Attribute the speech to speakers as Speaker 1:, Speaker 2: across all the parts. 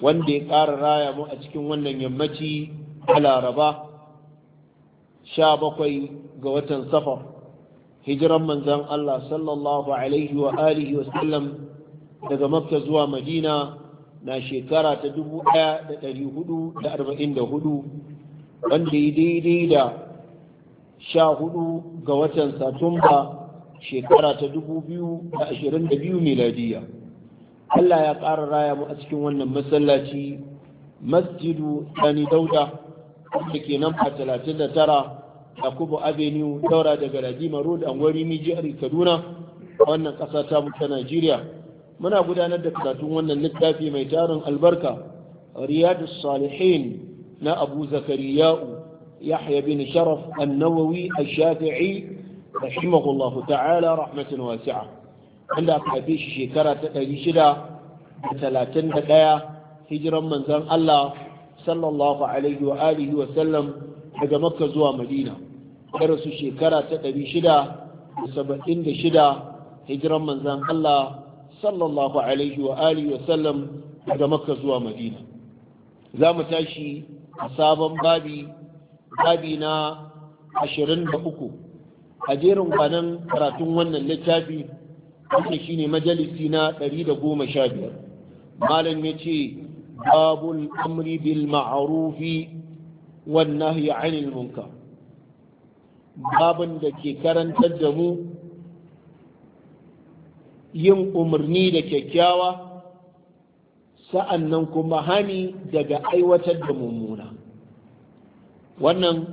Speaker 1: wanda ya ƙara raya mu a cikin wannan yammaci a laraba sha bakwai ga watan safar hijiran manzan Allah sallallahu alaihi wa alihi daga mafta zuwa madina na shekara ta dubu ɗaya da ɗari da arba'in da wanda ya daidai da sha hudu ga watan satumba shekara ta dubu miladiyya Allah ya ƙara raya mu a cikin wannan masallaci masjidu Sani Dauda da ke nan talatin da tara Yakubu Avenue daura daga Radima Road Angwari Mijiyar Kaduna wannan ƙasa ta mu ta Najeriya muna gudanar da karatun wannan littafi mai tarin albarka Riyadu Salihin na Abu Zakariya'u يحيى بن شرف النووي الشافعي رحمه الله aka haife shi shekara ta شكرة shida. talatin da ɗaya hijiran Manzan Allah sallallahu alaihi wa alihi wa sallam daga makka zuwa madina ya rasu shekara ta ɗari shida da saba'in da shida hijiran Manzan Allah sallallahu alaihi wa alihi wa sallam daga makka zuwa madina za mu tashi a sabon babi babi na ashirin da uku a jerin kwanan karatun wannan littafi wannan shine majalisi na ɗari da goma sha biyar malam ya ce babul amri bil ma'arufi wannan ya anil munka babin da ke karantar da mu yin umarni da kyakkyawa sa'an nan kuma hani daga aiwatar da mummuna wannan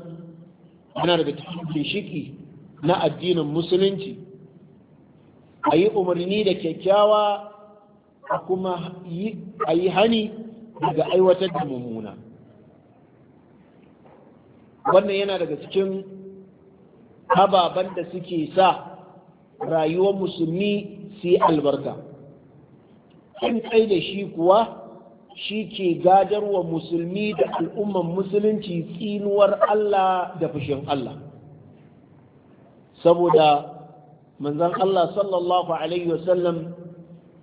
Speaker 1: yana daga cikin shiki na addinin musulunci a yi umarni da kyakkyawa a kuma a yi hani daga aiwatar da mummuna wannan yana daga cikin hababan da suke sa rayuwar musulmi su yi albarka in tsaye da shi kuwa shi ke gadarwa musulmi da al'umman musulunci tsinuwar Allah da fushin Allah saboda manzan Allah sallallahu Alaihi wasallam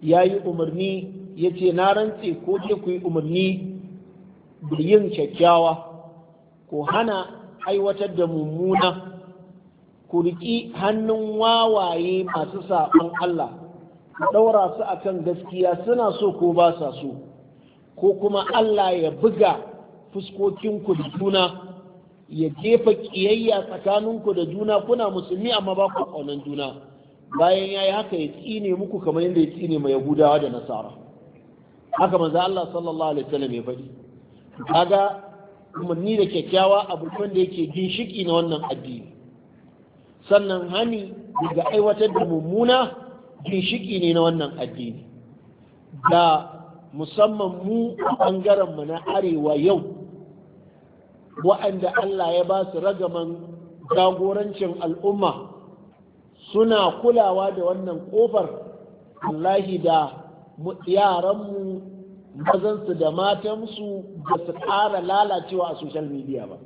Speaker 1: ya yi umarni ya ce na rantse ko je ku yi umarni da yin kyakkyawa ko hana aiwatar da mummuna ku riƙi hannun wawaye masu saɓon Allah ku ɗaura su a kan gaskiya suna so ko ba sa so ko kuma Allah ya buga fuskokinku da juna ya jefa ƙiyayya tsakaninku da juna kuna musulmi amma ba ku ƙaunar juna bayan ya yi haka ya tsine muku kamar yadda ya tsine mai yahudawa da nasara haka manzo Allah sallallahu alaihi wasallam ya faɗi kaga umarni da kyakkyawa a abu da yake ginshiki na wannan addini sannan hani daga aiwatar da mummuna ginshiki ne na wannan addini da musamman mu a ɓangaren mu na arewa yau wa'anda Allah ya ba su ragaman jagorancin al'umma suna kulawa da wannan kofar wallahi da yaranmu mazansu da matansu ba su ƙara lalacewa a social media ba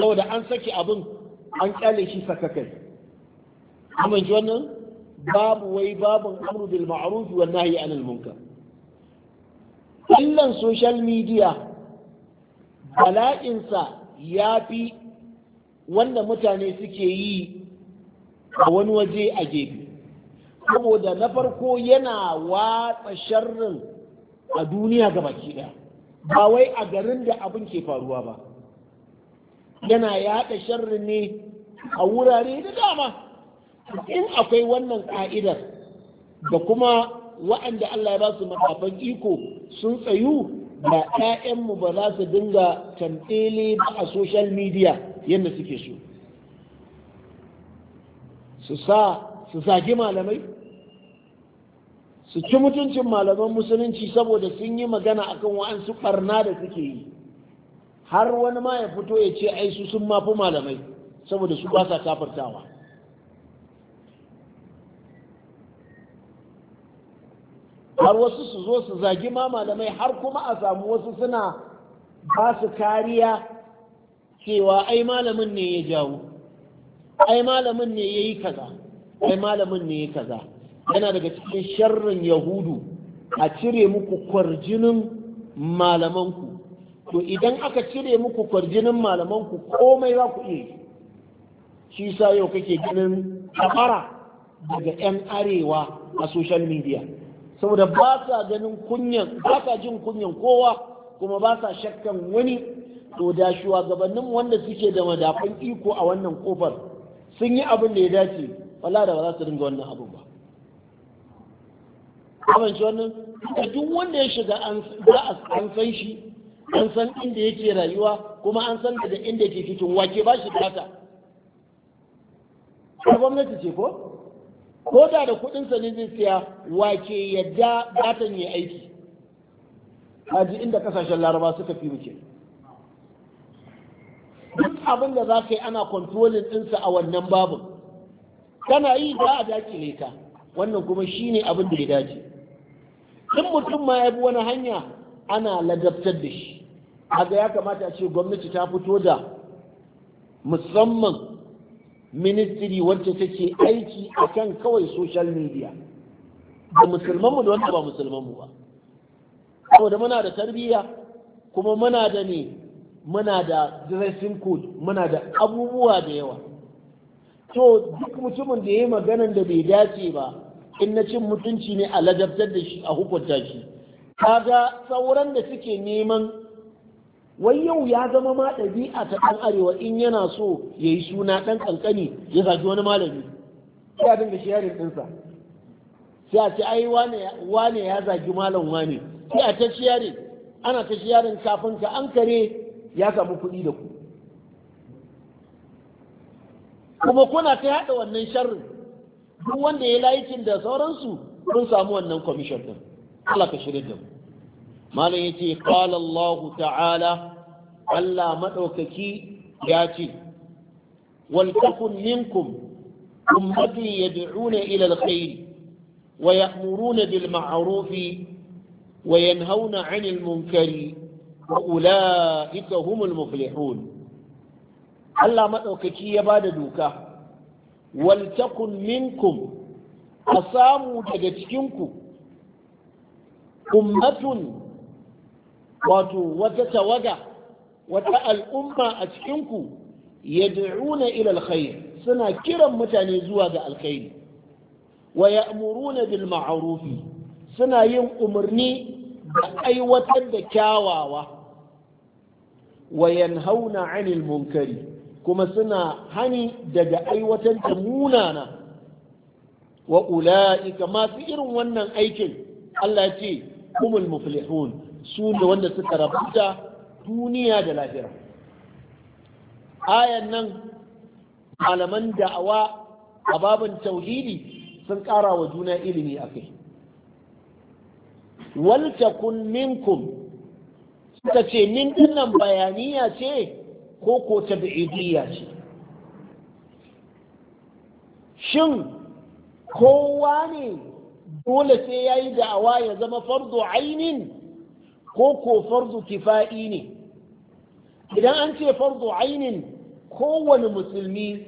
Speaker 1: saboda an saki abin an kyale shi sakakai ji wannan babu wai babin amru bil ma'ruf wa nahyi anil munkar illan social media bala'insa ya fi wanda mutane suke yi a wani waje a gefe saboda na farko yana watsa sharrin a duniya ga baki ɗaya ba wai a garin da abin ke faruwa ba yana yaɗa sharrin ne a wurare da dama in akwai wannan ka'idar da kuma wa'anda Allah ya ba su makafan iko sun tsayu da 'ya'yanmu ba za su dinga tantele ba a social media yadda suke so su sa su zagi malamai su ci mutuncin malaman musulunci saboda sun yi magana akan wa'ansu barna da suke yi har wani ma ya fito ya ce ai su sun mafi malamai saboda su basa har wasu su zo su zagi ma malamai har kuma a samu wasu suna ba su kariya cewa ai malamin ne ya jawo ai malamin ne yayi kaza ai malamin ne yayi kaza yana daga cikin sharrin yahudu a cire muku kwarjinin malamanku to idan aka cire muku kwarjinin malamanku komai za ku iya shi sa yau kake ganin kamara daga 'yan arewa a social media saboda ba sa ganin kunyan ba sa jin kunyan kowa kuma ba sa shakkan wani to da shugabannin wanda suke da madafan iko a wannan kofar sun yi abin da ya dace wala da ba za su dinga wannan abin ba shi wannan da duk wanda ya shiga an san shi an san inda yake rayuwa kuma an san daga inda yake cikin wake ba shi data a gwamnati ce ko ko da da sa ne zai siya wake yadda datan ya aiki ji inda kasashen laraba suka fi muke duk abin da za ka yi ana kontrolin ɗinsa a wannan babin tana yi za a dakile ka wannan kuma shi ne abin da ya dace in mutum ma ya bi wani hanya ana ladabtar da shi haka ya kamata a ce gwamnati ta fito da musamman ministry wacce take aiki a kan kawai social media da musulmanmu da wanda ba musulmanmu ba saboda muna da tarbiyya kuma muna da ne muna da dressing code muna da abubuwa da yawa to duk mutumin da ya yi maganan da bai dace ba in na cin mutunci ne a ladabtar da shi a hukunta shi kaga sauran da suke neman wai yau ya zama ma ɗabi'a ta ɗan arewa in yana so ya yi suna ɗan ƙanƙani ya zaki wani malami sai dinga sharing ɗinsa sai a ce ai wane ya zagi malam wane sai a ta sharing ana ta sharing kafin ka an kare ya samu kuɗi da ku kuma kuna ta haɗa wannan sharrin duk wanda ya layikin da sauransu sun samu wannan kwamishin din Allah ka shirin da mu malam yace qala Allah ta'ala Allah maɗaukaki ya ce wal takun minkum ummati yad'una ila al wa ya'muruna bil ma'ruf wa yanhauna 'anil munkari wa humul muflihun Allah maɗaukaki ya ba da doka waltakun minkum a samu daga cikinku ummatun wato wata tawaga wata al'umma a cikinku yad'una ilal alkhair suna kiran mutane zuwa ga alkhairi wa ya bil ma'ruf suna yin umarni aiwatar da kyawawa wayan hauna 'anil munkari kuma suna hani daga aiwatar da munana wa ula'ika masu irin wannan aikin Allah ce kumul muflihun su da wanda suka rabuta duniya da lahira ayan nan malaman da'awa a babin tauhidi sun ƙara wa juna ilimi a kai wal kun minkum suka ce min dinnan bayaniya ce ko ko tab'idiyya ce shin kowa ne dole sai ya yi da'awa ya zama fardu ainin ko ko fardu kifa'i ne idan an ce fardu ainin kowane musulmi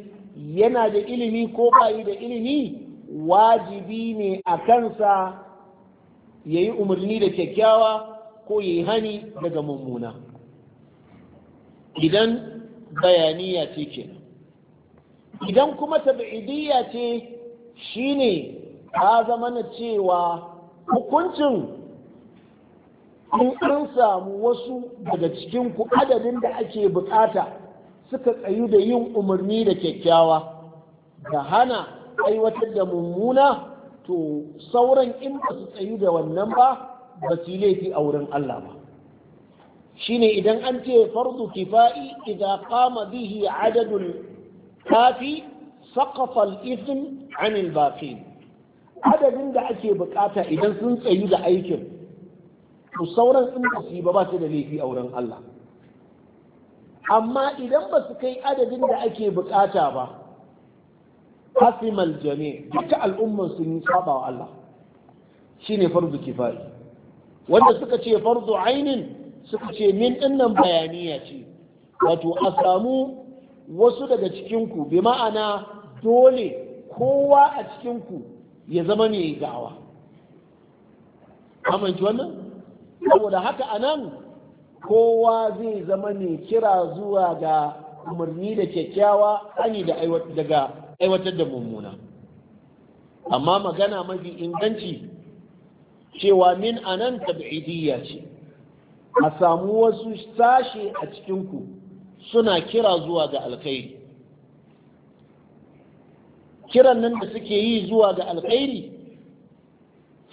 Speaker 1: yana da ilimi ko bayi da ilimi wajibi ne a kansa ya yi umarni da kyakkyawa ko ya yi hani daga mummuna idan bayaniya ce ke idan kuma tabi'idiyya ce shine ta zama na cewa hukuncin in an samu wasu daga cikin ku adadin da ake bukata suka tsayu da yin umarni da kyakkyawa da hana aiwatar da mummuna to sauran in ba su tsayu da wannan ba ba su laifi a wurin Allah ba shine idan an ce fardu kifa'i idan qama bihi adadul kafi saqafa al-ithm 'an al adadin da ake bukata idan sun tsayu da aikin to sauran in ba su ba ba su da laifi a wurin Allah amma idan ba su kai adadin da ake bukata ba hasimal jami duka al'umman sun yi saba wa Allah shine farzu kifayi wanda suka ce farzu ainin suka ce min dinnan bayaniya ce wato a samu wasu daga cikinku bi ma'ana dole kowa a cikinku ya zama ne gawa amince wannan saboda haka a nan kowa zai zama ne kira zuwa ga umarni da kyakkyawa ani da daga aiwatar da mummuna amma magana mafi inganci cewa min anan tab'idiyya ce a samu wasu sashe a cikinku suna kira zuwa ga alkhairi kiran nan da suke yi zuwa ga alkhairi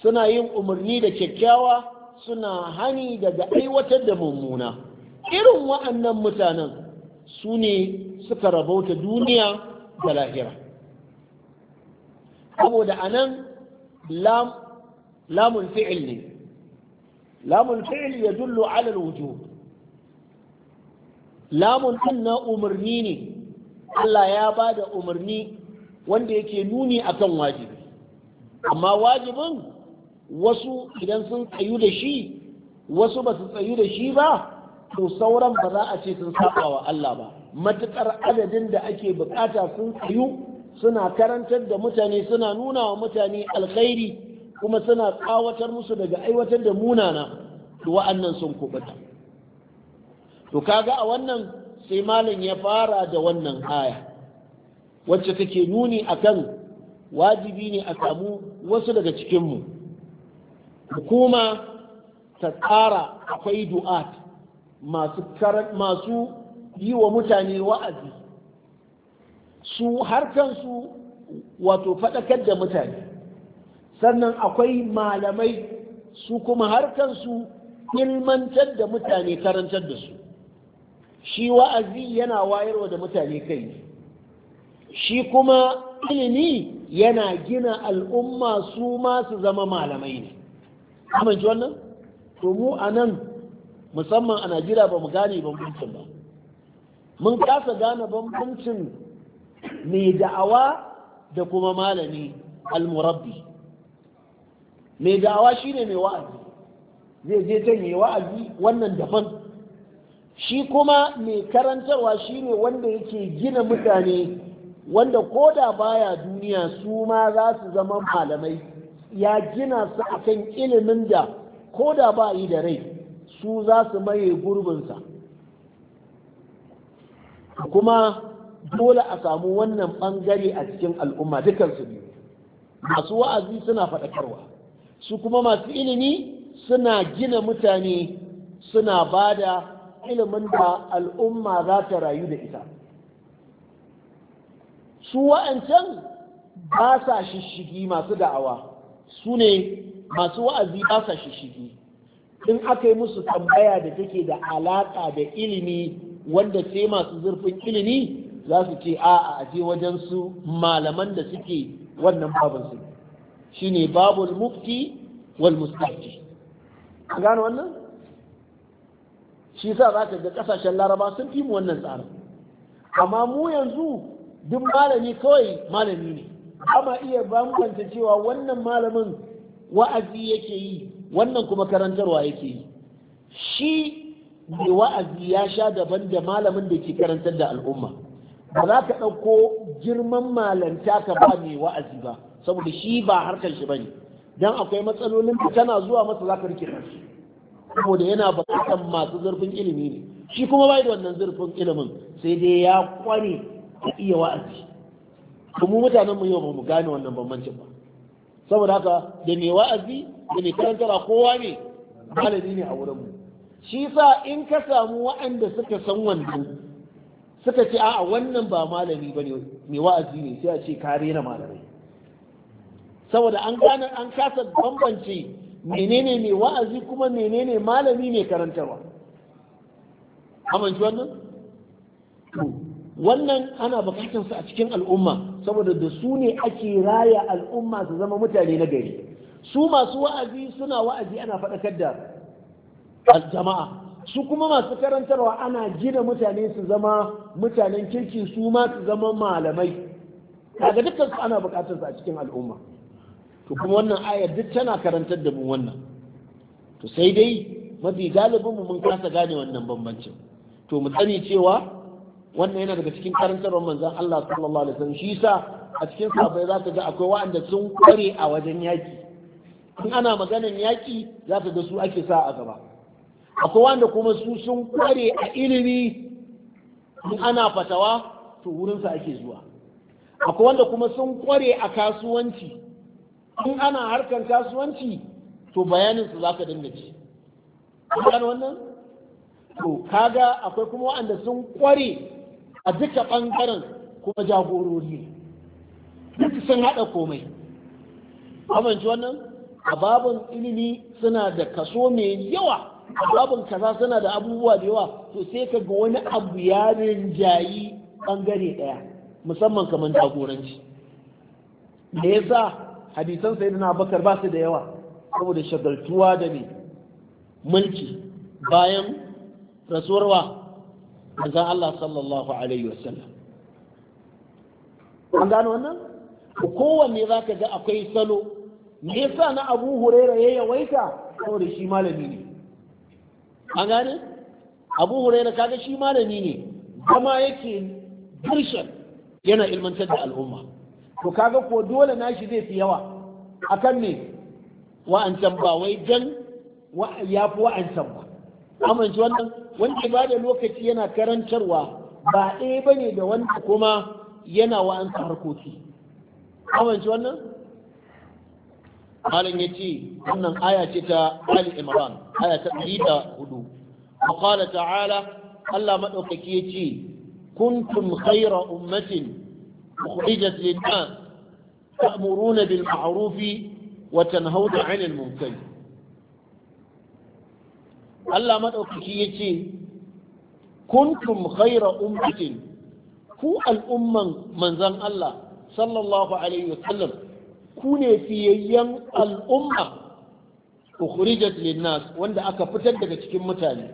Speaker 1: suna yin umarni da kyakkyawa suna hani daga aiwatar da mummuna irin wa'annan mutanen su ne suka rabauta duniya da lahira saboda anan nan lamun fi'il ne lamun fi'il ya dullo alal wujo, lamun ɗin na umarni ne Allah ya ba da umarni wanda yake nuni akan wajibi amma wajibin wasu idan sun tsayu da shi wasu ba su tsayu da shi ba to sauran ba za a ce sun saba wa Allah ba matukar adadin da ake bukata sun tsayu suna karantar da mutane suna nuna wa mutane alkhairi kuma suna tsawatar musu daga aiwatar da munana to wa'annan sun kubuta to kaga a wannan sai malam ya fara da wannan aya wacce take nuni akan wajibi ne a samu wasu daga cikinmu hukuma ta tsara akwai du'a. masu yi wa mutane wa'azi su harkansu wato faɗakar da mutane sannan akwai malamai su kuma harkansu ilmantar da mutane karantar da su shi wa'azi yana wayarwa da mutane kai shi kuma ilimi yana gina al'umma su masu zama malamai ne amince wannan? to mu a nan musamman a najeriya ba mu gane bambancin ba mun kasa gane bambancin mai da'awa da kuma malami almurabbi mai da'awa shine mai wa'azi zai je can mai wa'azi wannan daban shi kuma mai karantarwa shine wanda yake gina mutane wanda ko da baya duniya su ma za su zama malamai ya gina su akan ilimin da ko da ba yi da rai su za su maye gurbinsa kuma dole a samu wannan ɓangare a cikin al'umma dukansu biyu masu wa'azi suna faɗakarwa su kuma masu ilimi suna gina mutane suna ba da ilimin da al'umma za ta rayu da ita su wa'ancan ba sa shishigi masu da'awa su ne masu wa'azi ba sa shishigi in aka yi musu tambaya da take da alaƙa da ilimi wanda ce masu zurfin ilimi za su ce a'a a je wajen su malaman da suke wannan babin su shine babul mufti wal mustafti gano wannan shi sa za ka ga kasashen laraba sun fi mu wannan tsarin amma mu yanzu duk malami kawai malami ne amma iya bambanta cewa wannan malamin wa'azi yake yi wannan kuma karantarwa yake yi shi mai wa'azi ya sha daban da malamin da ke karantar da al'umma ba za ka ɗauko girman malanta ka ba mai wa'azi ba saboda shi ba harkar shi bane dan akwai matsalolin da tana zuwa masa za ka rike shi saboda yana buƙatar masu zurfin ilimi ne shi kuma bai da wannan zurfin ilimin sai dai ya kware ya iya wa'azi kuma mutanen mu yau ba mu gane wannan bambancin ba saboda haka da mai wa'azi da mai karantara kowa ne malami ne a wurinmu shi sa in ka samu waɗanda suka san wanda suka ce a'a wannan ba malami ba ne mai wa'azi ne sai a ce kare na malamai saboda an gane an kasa bambance menene mai wa'azi kuma menene malami ne karantarwa amince wannan wannan ana bukatar su a cikin al'umma saboda da su ne ake raya al'umma su zama mutane na gari su masu wa'azi suna wa'azi ana faɗakar da jama'a su kuma masu karantarwa ana gina mutane su zama mutanen kirki su ma su zama malamai daga dukkan su ana bukatar su a cikin al'umma to kuma wannan ayar duk tana karantar da mu wannan to sai dai mafi galibin mu mun kasa gane wannan bambancin to mu sani cewa wannan yana daga cikin karantarwar manzan Allah sallallahu alaihi wasallam shi yasa a cikin sahabbai za ka ga akwai wa'anda sun kware a wajen yaki in ana maganar yaki za ga su ake sa a gaba akwai wa'anda kuma su sun kware a ilimi in ana fatawa to wurinsa ake zuwa akwai wanda kuma sun kware a kasuwanci in ana harkan kasuwanci to bayaninsu za ka danna ci kan wannan to kaga akwai kuma wa'anda sun kware a duka ɓangaren kuma jagorori duk sun haɗa komai amince wannan a babin ilimi suna da kaso mai yawa a babin kaza suna da abubuwa da yawa to sai ka ga wani abu ya rinjayi ɓangare ɗaya musamman kamar jagoranci me yasa hadisan na bakar ba su da yawa saboda shagaltuwa da ne mulki bayan rasuwarwa manzon Allah sallallahu alaihi wasallam an gano wannan kowanne za ka ga akwai salo me yasa na abu huraira ya yawaita saboda shi malami ne an gane abu huraira kaga shi malami ne zama yake harshen yana ilmantar da al'umma to kaga ko dole nashi zai fi yawa A kan ne. wa'ancan ba wai jan ya fi wa'ancan ba amince wannan wanda ba da lokaci yana karantarwa ba ɗaya ba ne da wanda kuma yana wa'ansa harkoki amince wannan malam ya ce wannan aya ce ta ali imran aya ta ɗari da hudu وقال تعالى الله مدوكك يجي كنتم خير أمة أخرجت bil ma'rufi بالمعروف وتنهون عن المنكر Allah maɗaukaki ya ce kuntum khaira ummatin ku al'umman manzan Allah sallallahu alaihi wasallam ku ne fiyayyen al'umma ukhrijat linnas wanda aka fitar daga cikin mutane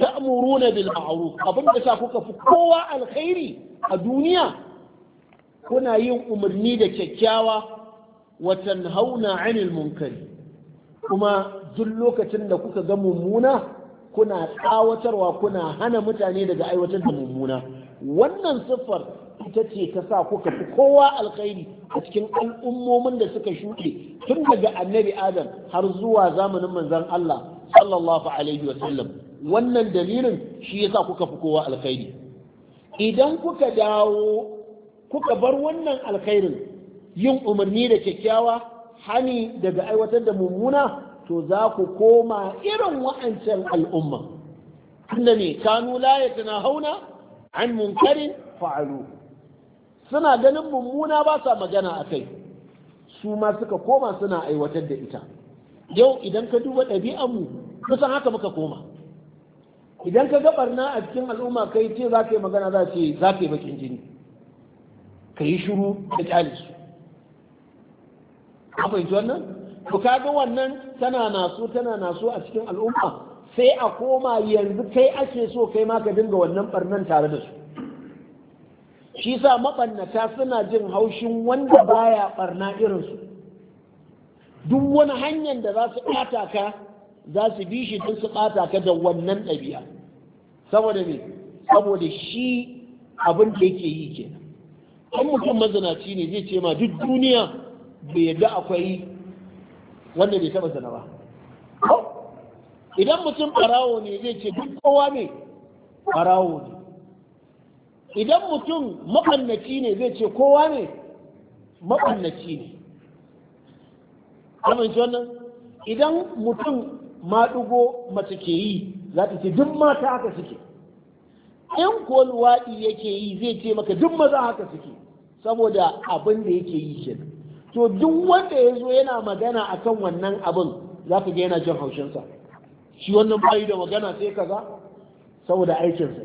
Speaker 1: ta'muruna bil ma'ruf abinda sa kuka fi kowa alkhairi a duniya kuna yin umarni da kyakkyawa wa tanhauna 'anil munkari kuma duk lokacin da kuka ga mummuna kuna tsawatarwa kuna hana mutane daga aiwatar da mummuna wannan siffar ita ce ta sa kuka fi kowa alkhairi a cikin al'ummomin da suka shuɗe tun daga annabi adam har zuwa zamanin manzon Allah sallallahu alaihi wannan dalilin shi yasa kuka fi kowa alkhairi idan kuka dawo kuka bar wannan alkhairin yin umarni da kyakkyawa hani daga aiwatar da mummuna to za ku koma irin wa'ancan al'umma tunda ne kanu la hauna. an munkarin fa'alu suna ganin mummuna ba sa magana a kai. su ma suka koma suna aiwatar da ita yau idan ka duba ɗabi'anmu kusan haka muka koma idan ka gabar na a cikin al'umma kai ce za ka yi magana za ce za ka yi bakin jini ka yi shiru da kyale su fahimci wannan to kaga wannan tana naso tana naso a cikin al'umma sai a koma yanzu kai ake so kai ma ka dinga wannan barnan tare da su shi sa mabannata suna jin haushin wanda baya barna irin su duk wani hanyar da za su ɓata ka za su bi shi don su ɓata ka da wannan ɗabi'a saboda me saboda shi abin da yake yi kenan an mutum mazinaci ne zai ce ma duk duniya bai yadda akwai wanda bai taba zina ba idan mutum farawo ne zai ce duk kowa ne farawo ne idan mutum makannaci ne zai ce kowa ne makannaci ne amince wannan idan mutum maɗugo mace ke yi za ta ce duk mata haka suke in kuwa luwaɗi yake yi zai ce maka duk maza haka suke saboda abin da yake yi kenan to duk wanda ya zo yana magana akan wannan abin za ka ga yana jin haushinsa shi wannan bayi da magana sai ka ga saboda aikinsa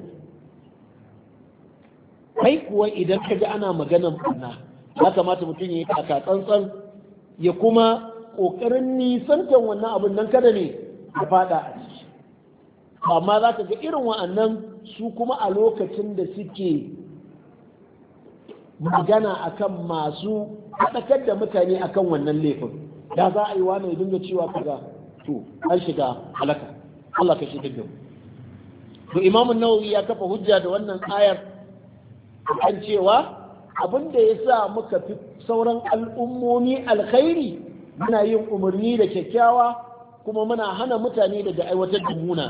Speaker 1: kai kuwa idan ka ji ana maganan barna ya kamata mutum ya yi kaka tsantsan ya kuma ƙoƙarin nisantan wannan abin nan kada ne ya fada a ciki amma za ka ga irin wa'annan su kuma a lokacin da suke magana akan masu haɗakar da mutane akan wannan laifin da za a yi wa mai dinga cewa kaza to an shiga halaka Allah ka shigar da to Imam Nawawi ya kafa hujja da wannan ayar kan cewa abin da ya sa muka fi sauran al'ummomi alkhairi muna yin umarni da kyakkyawa kuma muna hana mutane daga aiwatar da muna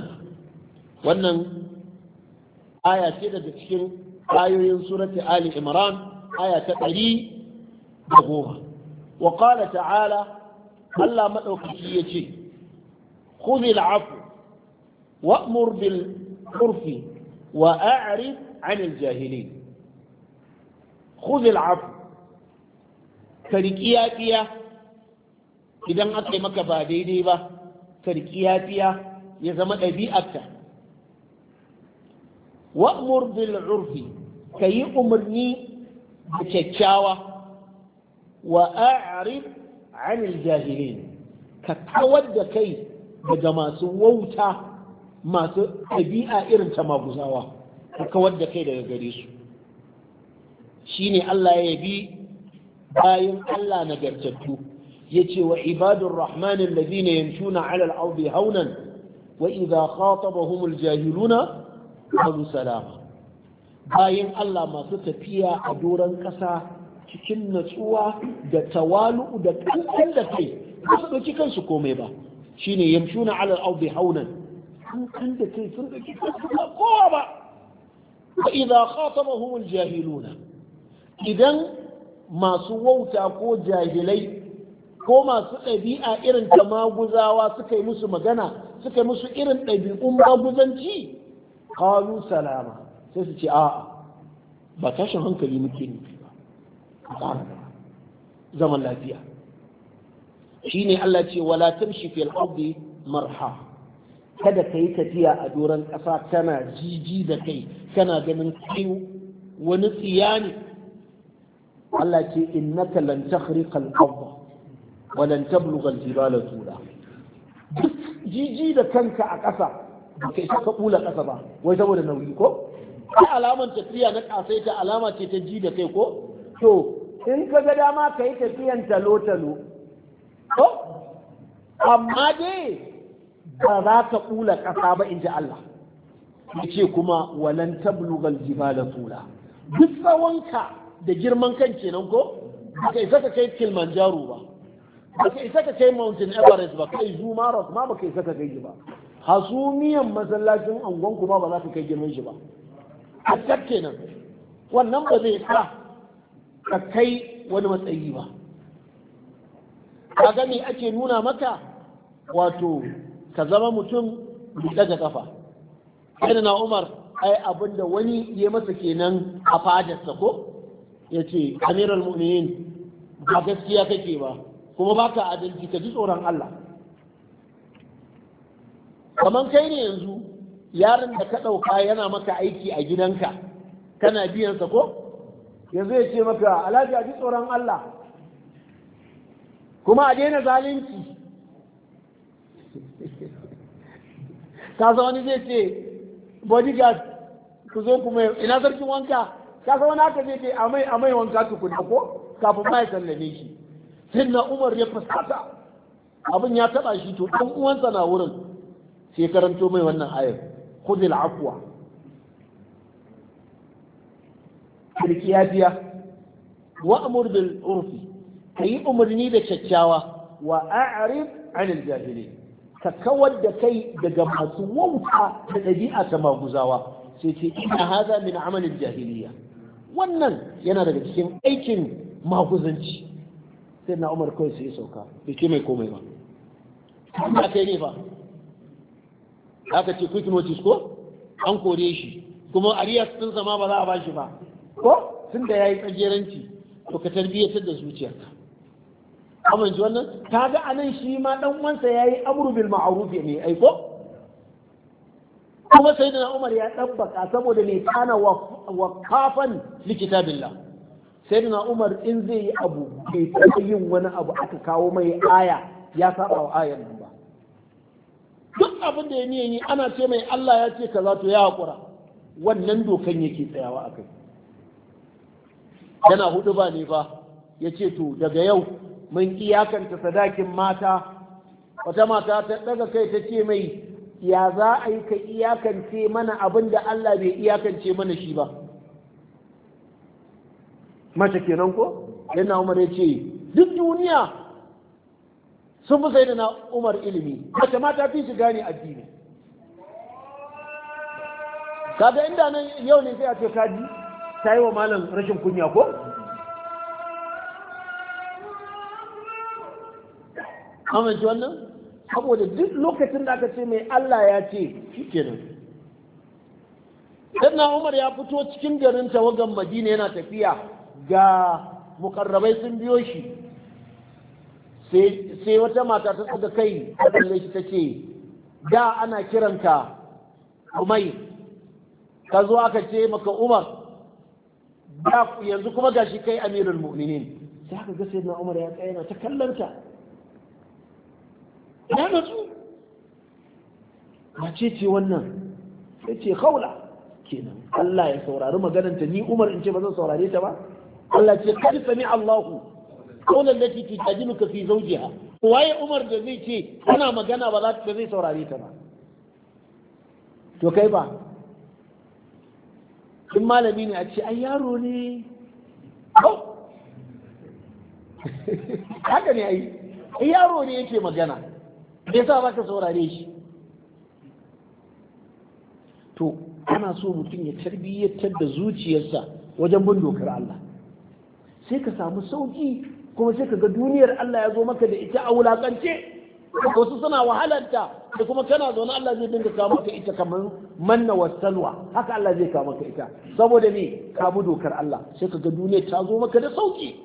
Speaker 1: wannan aya ce daga cikin ayoyin surati Ali Imran aya ta ɗari da ta'ala Allah maɗaukaki ya ce khudhi al'afu wa'mur bil urfi wa a'rid 'anil jahilin khudhi al'afu karkiya kiya idan aka yi maka ba daidai ba karkiya kiya ya zama ɗabi'arta wa'mur bil kayi umarni da kyakkyawa wa a'rid 'anil jahilin ka kawar da kai daga masu wauta masu ɗabi'a irin ta maguzawa ka kawar kai daga gare su shine Allah ya bi bayan Allah nagartattu ce wa ibadur rahmanin ladina yamshuna 'ala al-ardi haunan wa idha khatabahum al-jahiluna qalu salama bayan Allah masu tafiya a doron ƙasa cikin natsuwa da tawalu'u da kankan da kai ba su ɗauki kansu komai ba shine yamshuna ala al-ardi haunan kankan da kai sun ɗauki kansu ba kowa ba wa idza khatabahum al-jahiluna idan masu wauta ko jahilai ko masu ɗabi'a irin ta maguzawa suka yi musu magana suka yi musu irin ɗabi'un maguzanci kalu salama sai su ce a'a ba tashin hankali muke ne a tsara zaman lafiya Shi ne Allah ce wala tamshi fil ardi marha kada kai tafiya a doron ƙasa kana jiji da kai kana ganin kai wani tsiya ne Allah ce innaka lan takhriqa al-ardh wa lan tablugha al-jibala tula jiji da kanka a ƙasa kai sai ka bula ƙasa ba wai saboda nauyi ko ai alaman tafiya na ƙasa ita alama ce ta ji da kai ko to in ka ga dama ka yi tafiyan talo-talo ko amma dai ba za ta ƙula ƙasa ba in ji Allah ya ce kuma walan tablugal jibala tula duk tsawonka da girman kan kenan ko ba ka isa ka kai Kilimanjaro ba ba ka isa ka kai Mountain Everest ba kai Zuma maros ma ba ka isa ka kai ba hasumiyan masallacin angon kuma ba za ka kai girman shi ba a kenan wannan ba zai sa ka kai wani matsayi ba kaga gani ake nuna maka wato ka zama mutum mai daga kafa irin na umar ai abinda wani ya masa kenan a fadarsa ko ya ce amiral mu'minin ba gaskiya kake ba kuma ba ka adalci ka ji tsoron Allah kamar kai ne yanzu yaron da ka ɗauka yana maka aiki a gidanka kana biyansa ko yanzu ya ce maka alhaji a ji tsoron Allah kuma a daina zalunci kasa wani zai ce bodyguard ku zo ku mai ina sarkin wanka kasa wani aka zai ce a mai wanka kuna ko kafin ma ya sallame shi sai na umar ya fasata abin ya taba shi to ɗan uwansa na wurin sai karanto mai wannan ayar khudil afwa kirki yafiya wa amur bil urfi kayi umarni da kyakkyawa wa a'rif 'anil jahilin ka kawar da kai daga masu wauta da ɗabi'a ta maguzawa sai ce ina haza min amalin jahiliya wannan yana daga cikin aikin maguzanci sai na umar kawai sai sauka bai ce mai komai ba amma kai ne ba aka ce quick notice ko an kore shi kuma arias din sama ba za a bashi ba ko tun da ya yi tsageranci to ka tarbiyyatar da zuciyarka amince wannan ta ga anan shi ma dan uwansa ya yi amuru bil ma'arufi ne aiko aiko. kuma sai na umar ya tabbaka saboda mai kana wa kafan likitabillah sai na umar in zai yi abu bai taɓa yin wani abu aka kawo mai aya ya saba wa ayan nan ba duk abin da ya niyan yi ana ce mai Allah ya ce kaza to ya haƙura wannan dokan yake tsayawa a kai yana hudu ba ne ba ya ce to daga yau mun iyakanta sadakin mata wata mata ta daga kai ta ce mai ya za a yi ka iyakance mana abin da Allah bai iyakance mana shi ba mace kenan ko yana umar ya ce duk duniya sun fi sai da na umar ilimi mace mata fi shiga gane addini kaga inda nan yau ne sai a ce kaji ta yi wa malam rashin kunya ko? ji wannan? saboda duk lokacin da aka ce mai Allah ya ce shi ke nan. sannan umar ya fito cikin garin tawagan madina yana tafiya ga mukarrabai sun biyo shi sai wata mata ta tsaga kai a kalle shi ta ce da ana kiranka umai ka zo aka ce maka umar yanzu kuma gashi kai amirul mu'minin sai haka ga sayyidina umar ya tsaya yana ta kallanta ya natsu mace ce wannan sai ce kenan Allah ya saurari magananta ni umar in ce ba zan saurare ta ba Allah ce kad sami Allahu qawlan lati ka fi zaujiya. waye umar da zai ce kana magana ba za zai saurare ta ba to kai ba in malami ne a ce ai yaro ne oh! haka ne ai yaro ne yake magana me yasa ka saurare shi to ana so mutum ya tarbiyyar da zuciyarsa wajen bin dokar Allah sai ka samu sauki kuma sai ka ga duniyar Allah ya zo maka da ita a wulakance wasu suna wahalarta da kuma kana zaune Allah zai dinga kama maka ita kamar manna salwa haka Allah zai kama maka ita saboda ne ka dokar Allah sai ka ga duniya ta zo maka da sauki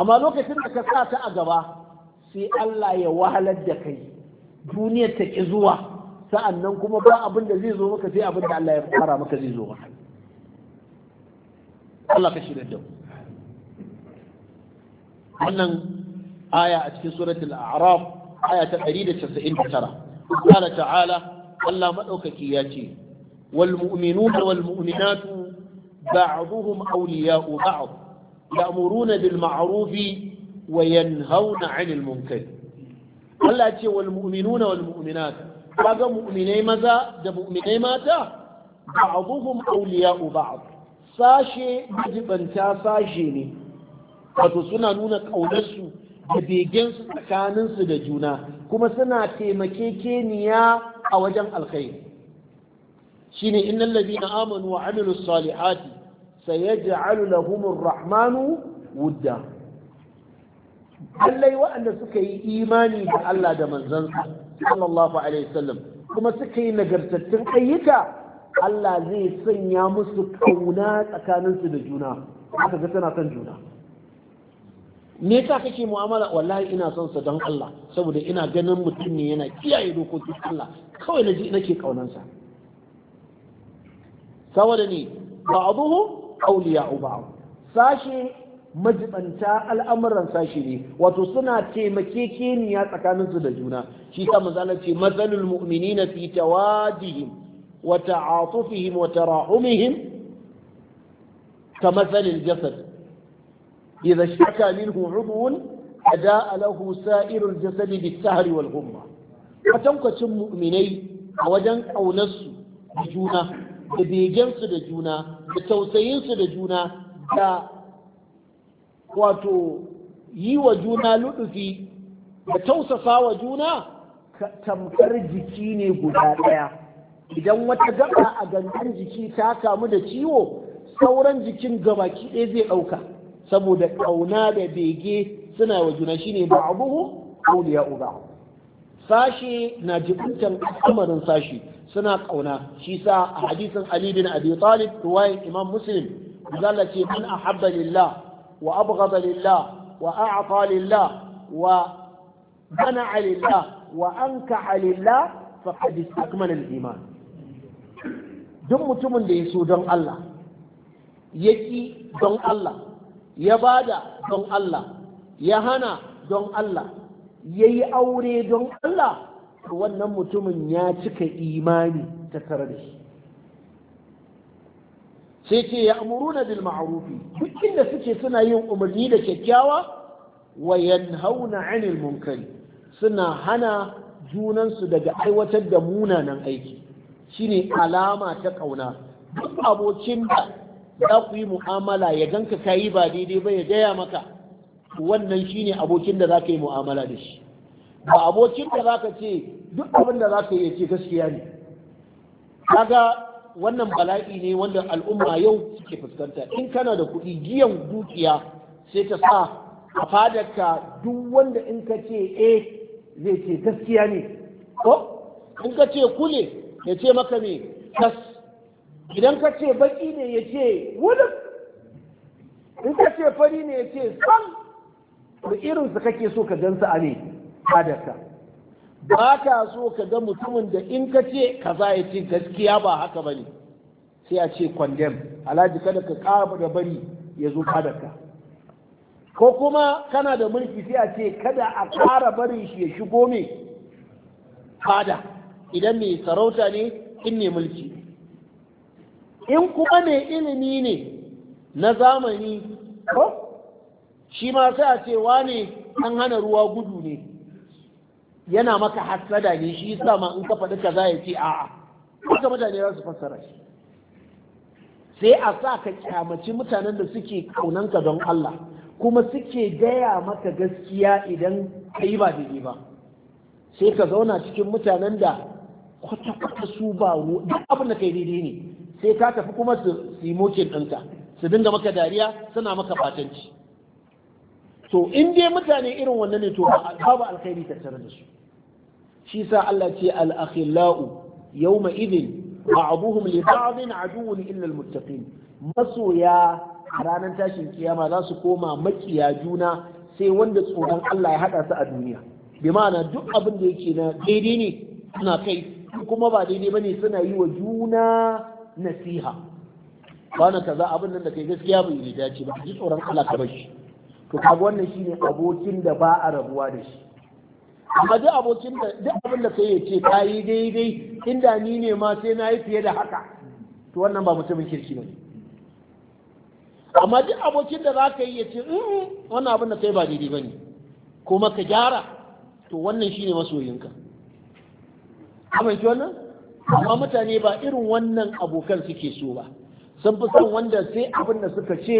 Speaker 1: amma lokacin da ka sa ta a gaba sai Allah ya wahalar da kai duniya ta ki zuwa sa'annan kuma ba abin da zai zo maka sai abin da Allah ya fara maka zai zo maka Allah ka shirya da wannan aya a cikin suratul a'raf aya ta ɗari da da casa'in 199 qala ta'ala Allah madaukaki ya ce wal mu'minuna wal mu'minatu ba'dhuhum awliya'u ba'd ya'muruna bil ma'ruf wa na 'anil munkar Allah ya ce wal mu'minuna wal mu'minat kaga mu'minai maza da mu'minai mata Ba ba'dhuhum awliya'u ba'd sashe majibanta sashe ne wato suna nuna ƙaunarsu da begensu tsakaninsu da juna kuma suna taimake keniya a wajen alkhairi shine innal ladina amanu wa amilus salihati sayaj'alu lahumur rahmanu wudda lallai waɗanda suka yi imani da Allah da manzansa sallallahu alaihi wasallam kuma suka yi nagartattun ayyuka Allah zai sanya musu kauna tsakaninsu da juna haka ga tana son juna me yasa kake mu'amala wallahi ina son sa don Allah saboda ina ganin mutum ne yana kiyaye dokokin Allah kawai naji nake kaunansa saboda ne ba'dhu awliya'u ba'd sashi majibanta al'amuran sashi ne wato suna taimakekeniya tsakaninsu da juna shi sa manzo ce mazalul mu'minina fi tawadihim wa ta'atufihim wa tarahumihim ka mazalil jasad إذا اشتكى منه عضو أداء له سائر الجسد بالسهر والغمة فتنكة مؤمني وجن أو نسو بجونة بيجنس بجونة بتوسينس بجونة da wato yi wa juna luɗufi da tausasa wa juna tamkar jiki ne guda ɗaya idan wata gaba a gangar jiki ta kamu da ciwo sauran jikin gabaki ɗaya zai ɗauka saboda kauna da bege suna wa juna shine ba'duhum ya uba. sashi na jibuntan al'amarin sashi suna kauna shi sa a hadisin Ali bin Abi Talib ruwayan Imam Muslim zalla ce man ahabba lillah wa abghada lillah wa a'ta lillah wa mana'a lillah wa anka'a lillah faqad istakmala al-iman duk mutumin da ya so don Allah yaki don Allah ya bada don Allah ya hana don Allah ya yi aure don Allah wannan mutumin ya cika imani ta tare da shi sai ce ya na bil ma'arufi duk inda suke suna yin umarni da kyakkyawa wa yanhauna 'anil munkari suna hana junansu daga aiwatar da munanan aiki shine alama ta ƙauna duk abokin da za ku yi mu'amala ya ganka ka yi ba daidai ba ya gaya maka wannan shine abokin da za ka yi mu'amala da shi ba abokin da za ka ce duk abin da za ka yi ce gaskiya ne kaga wannan bala'i ne wanda al'umma yau suke fuskanta in kana da kuɗi giyan dukiya sai ta sa a fadarka duk wanda in ka ce e zai ce gaskiya ne ko in ka ce kule ya ce maka ne tas. idan ka ce baki ne ya ce wulin in ka ce fari ne ya ce san da irinsu kake so ka gansa a ne hadarka ba ka so ka ga mutumin da in ka ce ka za ya ce gaskiya ba haka ba ne sai a ce kwandem alhaji kada ka ƙaba da bari ya zo ka. ko kuma kana da mulki sai a ce kada a kara barin shi ya shigo mai fada idan mai sarauta ne in ne mulki in kuma mai ilimi ne na zamani ko shi ma sai a ce wane an hana ruwa gudu ne yana maka hassada ne shi yasa ma in ka faɗi za ya ce a'a haka mutane za su fassara shi sai a sa ka kyamaci mutanen da suke kaunanka don Allah kuma suke gaya maka gaskiya idan ka yi ba daidai ba sai ka zauna cikin mutanen da kwata-kwata su ba abin da kai daidai ne sai ka tafi kuma su yi mokin ɗinka su dinga maka dariya suna maka batanci to in dai mutane irin wannan ne to babu alkhairi tare da su shi sa Allah ce al-akhillau yawma idhin ba'dhum li ba'dhin aduwwun illa al-muttaqin masoya ranar tashin kiyama za su koma makiya juna sai wanda tsoron Allah ya hada su a duniya bi ma'ana duk abin da yake na daidai ne suna kai kuma ba daidai bane suna yi wa juna nasiha wani kaza abin nan da kai gaskiya bai yi dace ba ji tsoron Allah ka bar shi to kaga wannan shine abokin da ba a rabuwa da shi amma duk abokin da duk abin da kai yace ka yi daidai inda ni ne ma sai na yi fiye da haka to wannan ba mutumin kirki bane amma duk abokin da zaka yi yace mm, mm, wannan abin da kai ba daidai bane kuma ka gyara to wannan shine masoyinka amince wannan amma mutane ba irin wannan abokan suke so ba sun fi son wanda sai abin da suka ce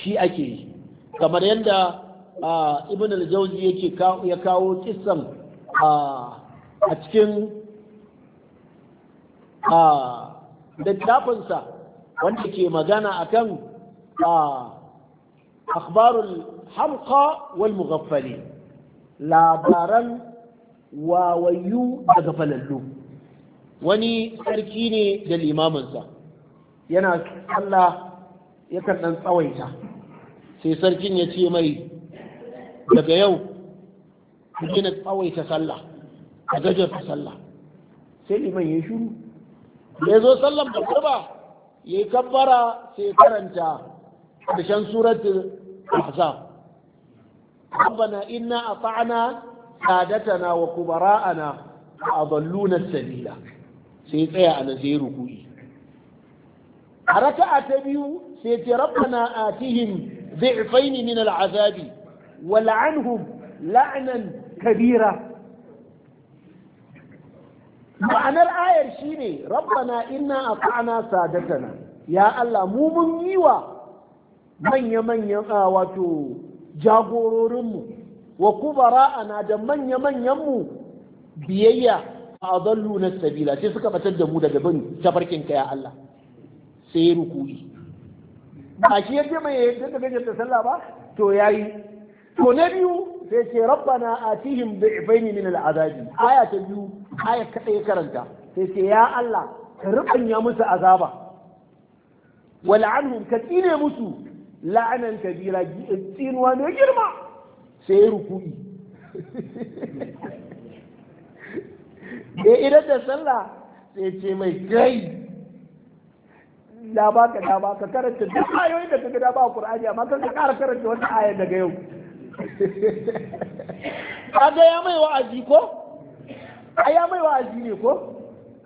Speaker 1: shi ake yi kamar yadda ibn al-jawzi yake ya kawo kissan a cikin littafinsa wanda ke magana akan akhbarul hamqa wal mughaffali labaran wawayu daga falallu wani sarki ne da limaminsa yana Allah yakan ɗan tsawaita sai sarkin ya ce mai daga yau ku gina tsawaita sallah a gajarta sallah sai liman ya shuru ya zo sallan bakarba ya yi kabbara sai karanta ƙarshen tana wa ربنا إنا أطعنا سادتنا وكبراءنا وأضلونا السبيل sai ya tsaya a nan sai ya ruku'i a raka'a ta biyu sai ya ce rabbana atihim dhi'faini min al'azabi wa la'anhum la'anan kabira ma'anar ayar shine rabbana inna ata'na sadatana ya Allah mu mun yi wa manya-manyan wato jagororinmu wa kubara'ana da manya-manyanmu biyayya adallu na sabila sai suka batar da mu daga bin tafarkin ka ya Allah sai rukuri ba shi yadda mai yadda da gajar da sallah ba to yayi to na biyu sai ce rabbana atihim bi'faini min al'azabi aya ta biyu aya ya karanta sai ce ya Allah ka rubanya musu azaba wal'anhum ka tsine musu la'anan kabira tsinuwa mai girma sai rukuri da idan da sallah sai ce mai kai da ka da ka karanta duk ayoyin da kaga da ba Qur'ani amma kan ka ƙara karanta wata aya daga yau kaga ya mai wa'azi ko ai ya mai wa'azi ne ko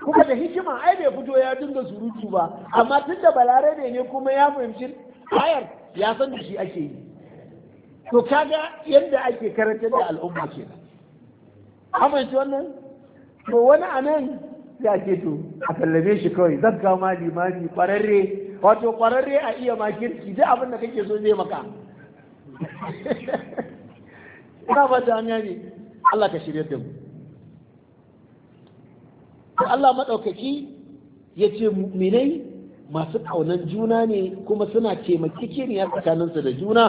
Speaker 1: kuma da hikima ai bai fito ya dinga surutu ba amma tun da balarabe ne kuma ya fahimci ayar ya san da shi ake yi to kaga yadda ake karanta da al'umma kenan amince wannan to wani a sai a ke to a sallame shi kawai zagga ma limami kwararre wato kwararre a iya makirci duk abin da kake so zai maka ina ba ta hanya ne Allah ka shirya da mu Allah maɗaukaki ya ce muminai masu ƙaunan juna ne kuma suna taimakekeniya tsakaninsu da juna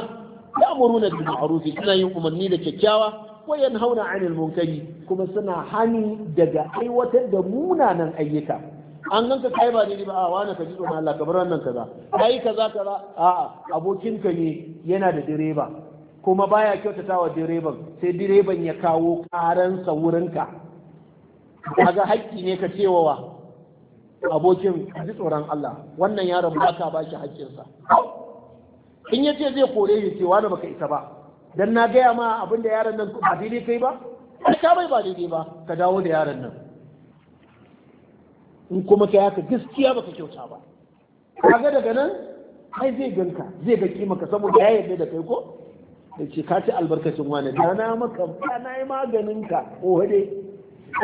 Speaker 1: ya muru na bil ma'ruf suna yin umarni da kyakkyawa wa yanhauna 'anil munkari kuma suna hannu daga aiwatar da munanan ayyuka an ganka kai ba daidai ba a wani ka ji tsoron Allah ka wannan kaza kai kaza kaza a'a abokinka ne yana da direba kuma baya kyautatawa direban sai direban ya kawo karansa wurinka kaga haƙƙi ne ka cewa wa abokin ji tsoron Allah wannan yaron ba ka ba shi haƙƙinsa in yace zai kore shi cewa na baka isa ba dan na gaya ma abinda da yaron nan ba daidai kai ba ka bai ba daidai ba ka dawo da yaron nan in kuma ka haka gaskiya ba ka kyauta ba kaga daga nan ai zai ganka zai ga kima ka saboda ya yarda da kai ko da ce ka ci albarkacin wani da na maka ba na yi maganin ka dai.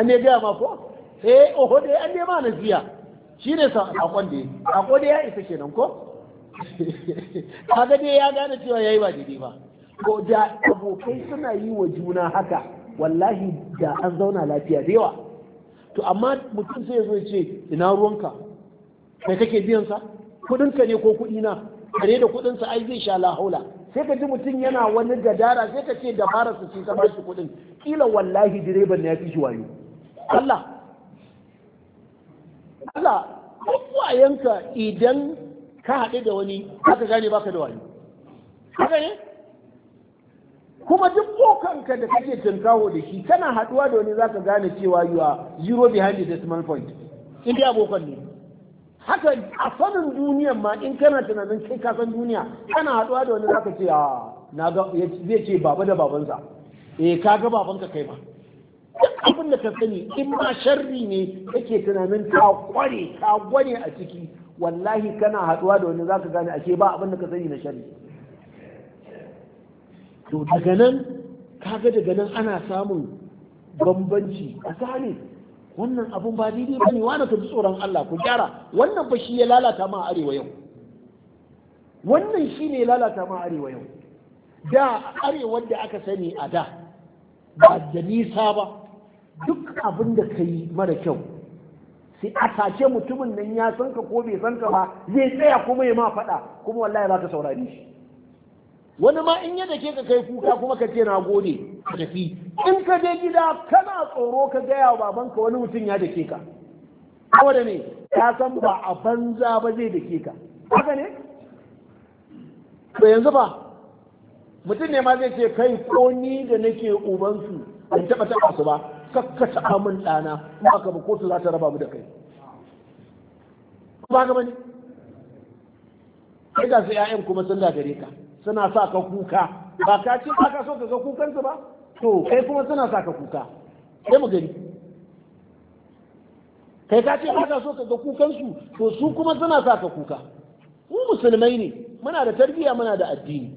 Speaker 1: an ne gaya ma ko eh dai an ne ma na jiya shi ne sakon da sakon da ya isa kenan ko kaga dai ya gane cewa ya yi ba daidai ba ko da abokai suna yi wa juna haka wallahi da an zauna lafiya da yawa to amma mutum sai zo ce ina ruwanka kai kake biyan sa kudinka ne ko na? kare da sa ai zai sha lahaula sai ka ji mutum yana wani gadara sai ka ce dabara su ci kamar shi kudin kila wallahi direban ya fi shi wayo Allah Allah wayanka idan ka haɗe da wani aka gane baka da wayo haka ne kuma duk kokanka da kake tunkawo da shi kana haduwa da wani zaka gane cewa yiwa zero behind the decimal point in dai abokan ne haka a sanin duniyan ma in kana tunanin kai ka san duniya kana haduwa da wani zaka ce a ah, na ga zai ce baba da babansa eh ka ga babanka kai ma duk abin da ka sani in ma sharri ne kake tunanin ka kware ka gwane a ciki wallahi kana haduwa da wani zaka gane ake ba abin da ka sani na sharri to daga nan kaga daga nan ana samun bambanci a gane wannan abun ba daidai ba ne wani ka ji tsoron Allah ku gyara wannan ba shi ya lalata ma arewa yau wannan shi ne lalata ma arewa yau da arewa da aka sani a da ba da nisa ba duk abin da ka yi mara kyau sai a sace mutumin nan ya san ka ko bai san ka ba zai tsaya kuma ya ma faɗa kuma wallahi ba ka saurari shi wani ma in yadda ke ka kai kuka kuma ka ce na gode ka tafi in ka je gida kana tsoro ka gaya babanka wani mutum ya dake ka da ne ya san ba a banza ba zai dake ka haka ne to yanzu ba mutum ne ma zai ce kai ko ni da nake ubansu ban taba taba su ba kakkata amin ɗana ba ka ba kotu za ta raba mu da kai ba ka bane Sai ga su 'ya'yan kuma sun gare ka suna sa ka kuka ba ka ce ba ka so ka ga kukansu ba to kai kuma suna sa ka kuka sai mu gani kai ka ce ba ka so ka ga kukansu to su kuma suna sa ka kuka mu musulmai ne muna da tarbiyya muna da addini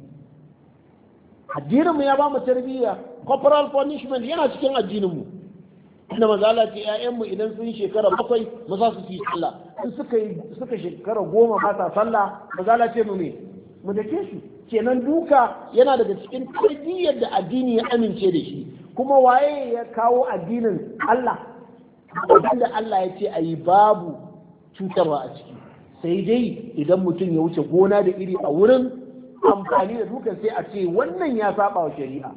Speaker 1: addininmu ya ba mu tarbiyya corporal punishment yana cikin addininmu. mu inda maza Allah ce ‘ya'yanmu idan sun yi shekara bakwai ba za su yi sallah in suka yi suka shekara goma ba ta sallah maza Allah ce mu ne mu dake su kenan duka yana daga cikin tarbiyyar da addini ya amince da shi kuma waye ya kawo addinin Allah da Allah ya ce ayi babu cutarwa a ciki sai dai idan mutum ya wuce gona da iri a wurin amfani da dukan sai a ce wannan ya saba wa shari'a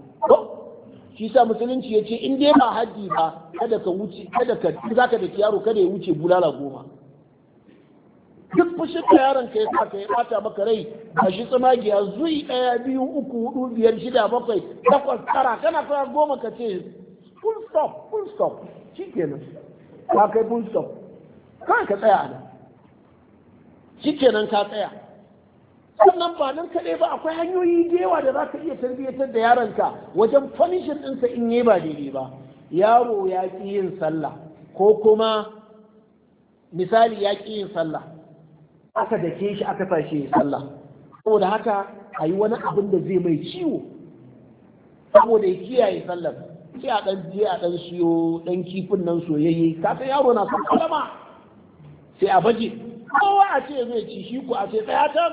Speaker 1: shi sa musulunci ya ce in dai ba haddi ba kada ka wuce kada ka zaka da yaro kada ya wuce bulala goma fushin da yaron ka ya sa ka ya bata maka rai a shi tsumagiya zui ɗaya biyu uku hudu biyar shida bakwai takwas tara kana fara goma ka ce full stop full stop shi kenan ka kai full stop kawai ka tsaya a nan shi kenan ka tsaya sannan ba nan kaɗai ba akwai hanyoyi da yawa da za ka iya tarbiyyatar da yaronka wajen punishin ɗinsa in yi ba daidai ba yaro ya ƙi yin sallah ko kuma misali ya ƙi yin sallah aka dake shi aka tashi sallah saboda haka a yi wani abin da zai mai ciwo saboda ya kiyaye sallar sai a ɗan je a ɗan siyo ɗan kifin nan soyayye san yaro na son kalama sai a baje kowa a ce zai ci shi ku a ce tsaya can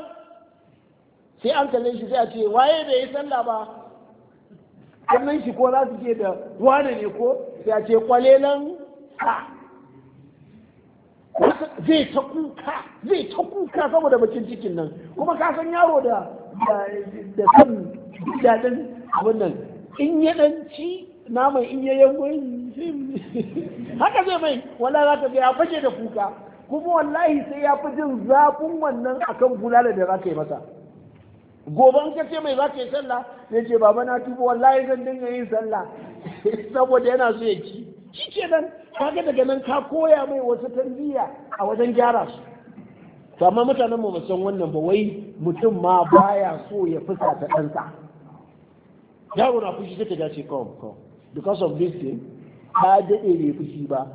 Speaker 1: sai an kalle shi sai a ce waye bai yi sallah ba kallon shi ko za su je da wane ne ko sai a ce kwalelan sa zai ta kuka zai ta kuka saboda bakin cikin nan kuma ka san yaro da da san daɗin abin nan in ya dan ci naman in ya yango haka zai mai wala za ka ga ya fashe da kuka kuma wallahi sai ya fi jin zafin wannan akan bulala da za ka yi masa gobe ka ce mai za ka yi sallah ya ce baba na tuba wallahi zan dinga yin sallah saboda yana so ya ci shi ke nan kaga daga nan ka koya mai wasu tarbiyya a wajen gyara su to amma mutanen mu san wannan ba wai mutum ma baya so ya fusa ta ɗansa yaro na fushi sai ga ce kawo. kom because of this thing Ta daɗe ne fushi ba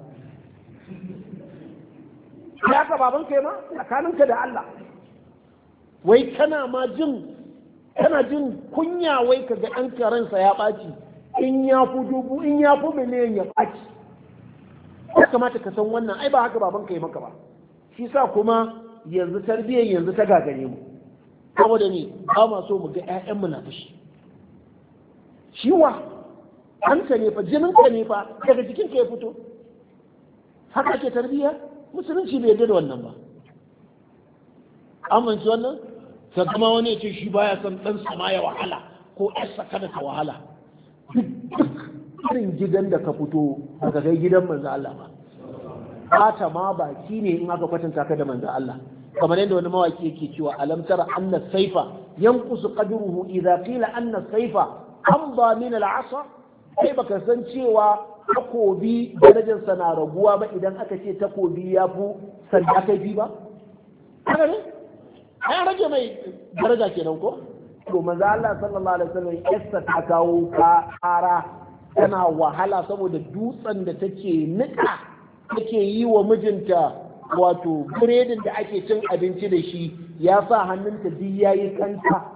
Speaker 1: ya ka baban kai ma tsakaninka da Allah wai kana ma jin kana jin kunya wai ka ga ɗan karansa ya ɓaci in ya fi dubu in ya fi miliyan ya ya kamata ka san wannan ai ba haka baban ka yi maka ba shi sa kuma yanzu tarbiyyar yanzu ta gagare mu da ni ba ma so mu ga 'ya'yanmu na fushi shi wa hanta ne fa jinin ka ne fa daga jikin ka ya fito haka ke tarbiyya musulunci bai yarda wannan ba amince wannan ta kuma wani ya ce shi baya son dan sama ya wahala ko yarsa kada ta wahala duk irin gidan da ka fito daga kai gidan manzo Allah ba fata ma baki ne in aka kwatanta ka da manzo Allah kamar yadda wani mawaki yake cewa alam tara anna saifa yanqusu qadruhu idza qila anna saifa amba min al'asa kai baka san cewa takobi darajar sa na raguwa ba idan aka ce takobi ya fi sanda kai ba haka ne ai rage mai daraja kenan ko to maza Allah sallallahu alaihi wasallam yasa ta kawo ƙara tana wahala saboda dutsen da take nika take yi wa mijinta wato biredin da ake cin abinci da shi ya sa hannunta duk yayi kanta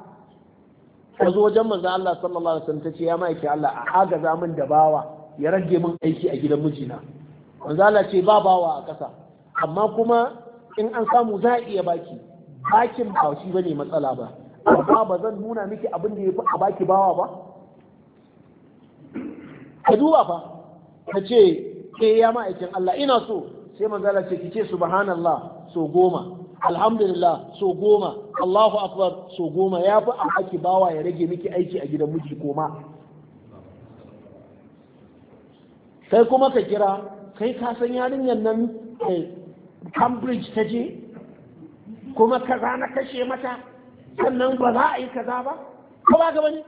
Speaker 1: ta zo wajen maza Allah sallallahu alaihi wasallam tace ya ma'aiki Allah a agaza min da bawa ya rage min aiki a gidan mijina manzo Allah ce ba bawa a ƙasa amma kuma in an samu za a iya baki bakin ba shi bane matsala ba amma ba zan nuna miki abin da ya fi a baki bawa ba ka duba fa ka ce ke ya ma'aikin Allah ina so sai manzala ce ki ce subhanallah so goma alhamdulillah so goma Allahu akbar so goma ya fi a baki bawa ya rage miki aiki a gidan miji koma sai kuma ka kira kai ka san yarinyar nan eh, Cambridge ta je kuma ka na kashe mata sannan ba za a yi kaza ba ko ba ga bane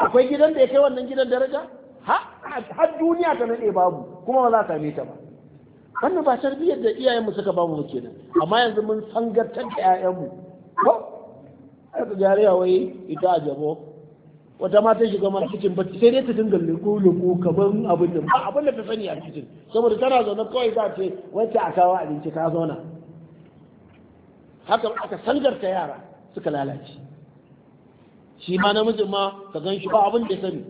Speaker 1: akwai gidan da ya kai wannan gidan daraja har duniya ta nade babu kuma ba za ta same ta ba wannan ba tarbiyyar da iyayenmu suka bamu mu kenan amma yanzu mun sangartar da ƴaƴanmu ko aka jariya wai ita a jabo wata ma ta shiga mana cikin bacci sai dai ta dinga lugu lugu kaman abin da ba abin da ta sani a cikin, saboda tana zaune kawai za ta wacce a kawo abinci ka zauna haka aka sangarta yara suka lalace shi ma namijin ma ka gan shi ba abin da sani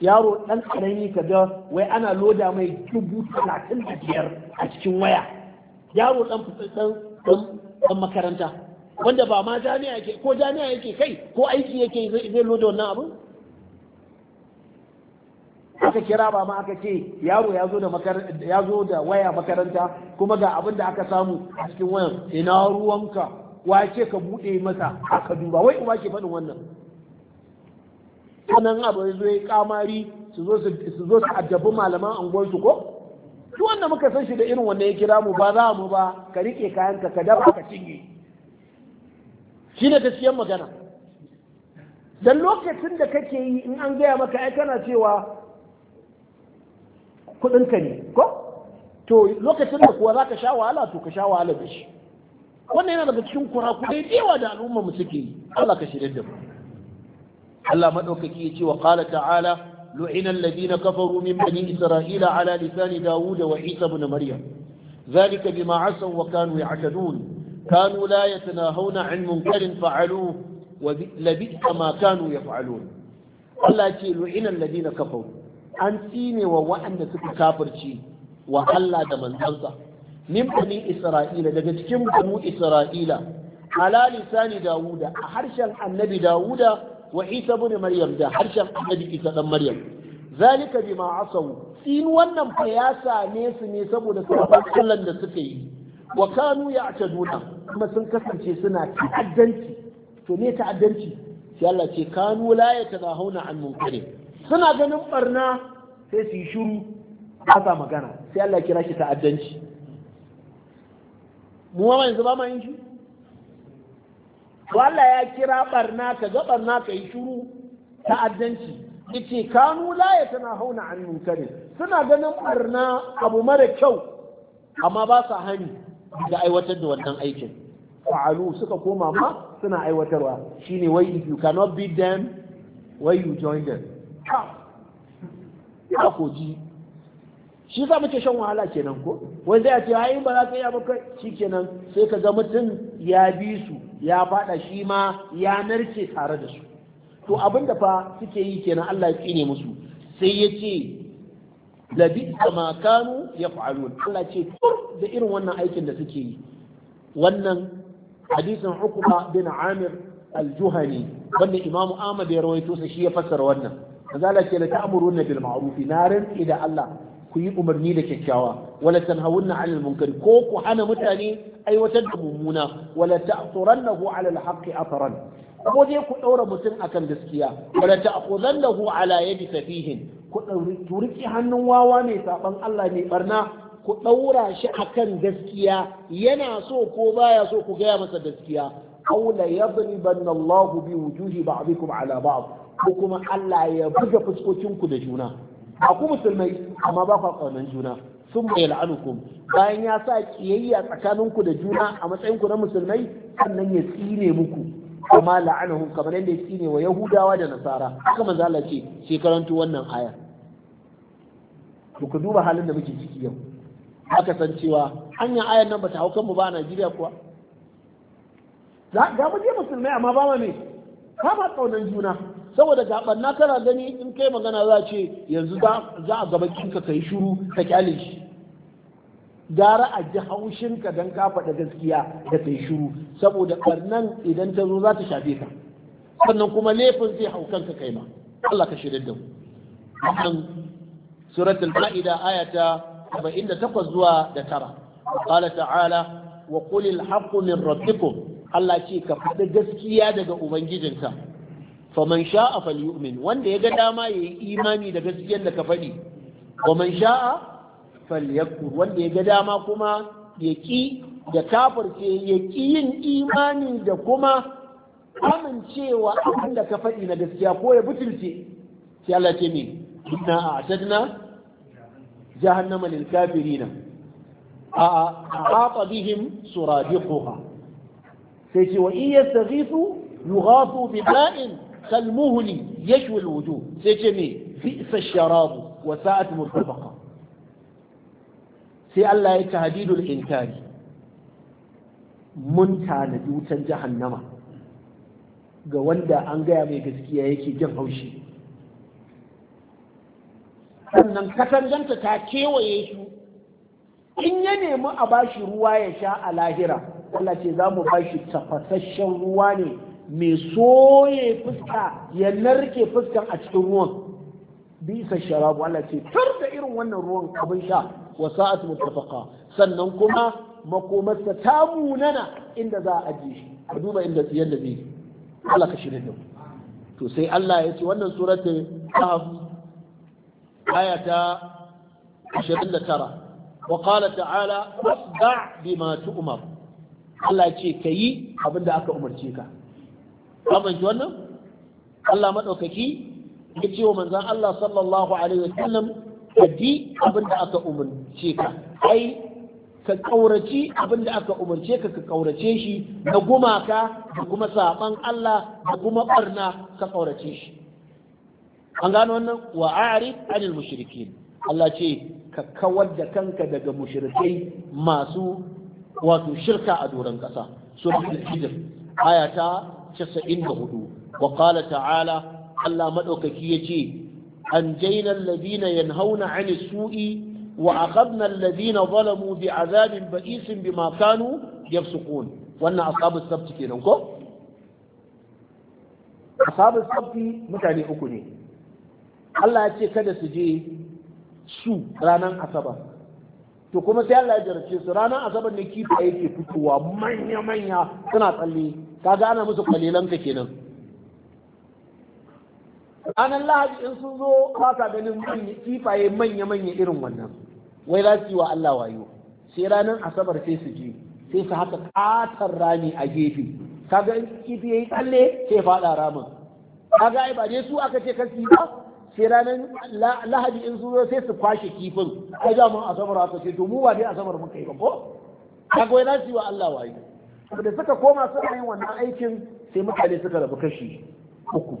Speaker 1: yaro ɗan karami ka ga wai ana loda mai dubu talatin da biyar a cikin waya yaro ɗan dan makaranta wanda ba ma jami'a yake ko jami'a yake kai ko aiki yake zai loda wannan abin aka kira ba ma aka ce yaro ya zo da waya makaranta kuma ga abin da aka samu a cikin wayan ina ruwanka wace ka bude masa aka duba wai uba ke faɗin wannan sanan abu ya zo ya kamari su zo su addabi malaman anguwar su ko Su wanda muka san shi da irin wanda ya kira mu ba za mu ba ka rike kayanka ka dafa ka cinye shi ne gaskiyar magana dan lokacin da kake yi in an gaya maka ai kana cewa kuɗinka ne ko to lokacin da kuwa za ka sha wahala to ka sha wahala da shi wannan yana daga cikin kurakurai da yawa da al'umma mu suke yi Allah ka shirye da mu Allah madaukaki ya ce wa qala ta'ala lu'ina alladhina kafaru min bani isra'ila ala lisani dawud wa isa ibn maryam ذلك بما عصوا وكانوا يعتدون كانوا hauna يتناهون عن منكر فعلوه ولبئس ما كانوا يفعلون الله ce لعن الذين كفروا an tsine wa waɗanda suka kafirci wa Allah da manzansa min bani isra'ila daga cikin banu isra'ila ala lisani dawuda a harshen annabi dawuda wa isa ibn maryam da harshen annabi isa dan maryam zalika bima asaw in wannan fa ya same su ne saboda sabon Allah da suka yi wa kanu ya'taduna kuma sun kasance suna ta'addanci to ne ta'addanci sai Allah ce kanu la yatanahuna an munkarin suna ganin barna sai su yi shuru ba sa magana sai Allah kira shi ta'addanci mu ma yanzu ba ma yin shi ya kira barna ka ga barna ka yi shuru ta'addanci yace kanu la hauna an munkari suna ganin barna abu mara kyau amma ba sa hani da aiwatar da wannan aikin fa'alu suka koma ma suna aiwatarwa shine why you cannot beat them why you join them ka koji shi sa muke shan wahala kenan ko wai zai ce ai ba za ka iya baka shi kenan sai ka ga mutum ya bi su ya fada shi ma ya narke tare da su to abin da fa suke yi kenan Allah ya tsine musu sai ya ce labi da kanu ya fa'alu Allah ce tur da irin wannan aikin da suke yi wannan hadisin hukuma bin amir al-juhani wanda imamu ahmad ya rawaito sa shi ya fassara wannan mazala ke la ta'muruna bil ma'ruf na rantsi da Allah ku yi umarni da kyakkyawa wala tanhawunna 'anil munkar ko ku hana mutane aiwatar da mummuna wala ta'turannahu 'ala haqqi atran ko dai ku daura mutum akan gaskiya wala ta'khudannahu 'ala yadi safihin ku turki hannun wawa mai saban Allah mai barna ku ɗaura shi akan gaskiya yana so ko baya so ku gaya masa gaskiya aula ya zariban Allahu bi wujuhi ba'dikum ala ba'd ko kuma Allah ya buga ku da juna a ku musulmai amma ba ku kaunan juna sun mai la'anukum bayan ya sa kiyayya tsakaninku da juna a matsayinku na musulmai sannan ya tsine muku amma la'anahum kamar yadda ya tsine wa yahudawa da nasara haka manzo Allah ce sai karanto wannan aya ku duba halin da muke ciki yau aka san cewa hanyar ayar nan ba ta hau kanmu ba a Najeriya kuwa ga mu je musulmai amma ba mu ne ba ma kaunan juna saboda na kana gani in kai magana za ce yanzu za a gaba kinka ka yi shuru ka kyale shi gara a ji haushinka don ka faɗa gaskiya da ka yi shuru saboda ɓarnan idan ta zo za ta shafe ka sannan kuma laifin zai hau kanka kai ma Allah ka shirya da mu wannan suratul ma'ida ayata 78 zuwa da tara qala ta'ala wa qulil haqqu min rabbikum Allah ce ka faɗa gaskiya daga ubangijinka faman sha'a falyu'min wanda ya ga dama yayi imani da gaskiyar da ka faɗi wa man sha'a falyakfur wanda ya ga dama kuma ya ki da kafirce ya ki yin imani da kuma amincewa abin da ka faɗi na gaskiya ko ya butulce sai Allah ce me inna a'tadna jahannama lil kafirina a ahata bihim suradiquha sai ce wa in yastaghifu yughathu bi ma'in kalmuhuli yashwi alwujuh sai ce me isa sharabu wa sa'at murtafaqa sai Allah ya tahdidul inkari mun tanadi wutan jahannama ga wanda an gaya mai gaskiya yake jin haushi sannan katanganta ta kewaye su in ya nemi a bashi ruwa ya sha a lahira Allah ce za mu bashi tafasasshen ruwa ne mai soye fuska ya narke fuskan a cikin ruwan bisa sharabu Allah ce tur da irin wannan ruwan abin sha wa sa'at mutafaqa sannan kuma makomarsa ta munana inda za a ajiye shi a duba inda tsiyan da zai Allah ka shirin nan to sai Allah ya ce wannan suratul kahf aya ta 29 وقال ta'ala اصدع بما تؤمر Allah ce ka yi abin da aka umarce ka amince wannan Allah madaukaki ya ce wa manzon Allah sallallahu alaihi wasallam ka bi abin da aka umarce ka ai ka kaurace abin aka umarce ka ka kaurace shi na gumaka da kuma saban Allah da kuma barna ka kaurace shi an gano wannan wa a'rif anil mushrikin Allah ce ka kawar da kanka daga mushrikai masu wato shirka a doron kasa al hijr aya ta 94 wa ta'ala Allah madaukaki yace an jaina hau na 'ani su'i wa aqadna alladhina bi bi'adhabin ba'isin bima kanu yafsukun wannan ashabus sabt kenan ko ashabus sabt mutane uku ne Allah ya ce kada su je su ranar asabar to kuma sai Allah ya jarace su ranar asabar ne kifa yake fitowa manya manya suna tsalle ka gana musu kalilan ka kenan ranar lahadi in sun zo ba sa ganin kifaye manya manya irin wannan wai za su yi wa Allah wayo sai ranar asabar sai su je sai su haka katar rami a gefe kaga kifi ya yi tsalle sai faɗa ramin kaga ai ba dai su aka ce kasi ba sai ranar lahadi in sun zo sai su kwashe kifin a da mun asabar haka sai domin wa ne dai asabar muka yi ba ko na yana Allah wa Allah waye da suka koma suna yin wannan aikin sai mutane suka rabu kashi uku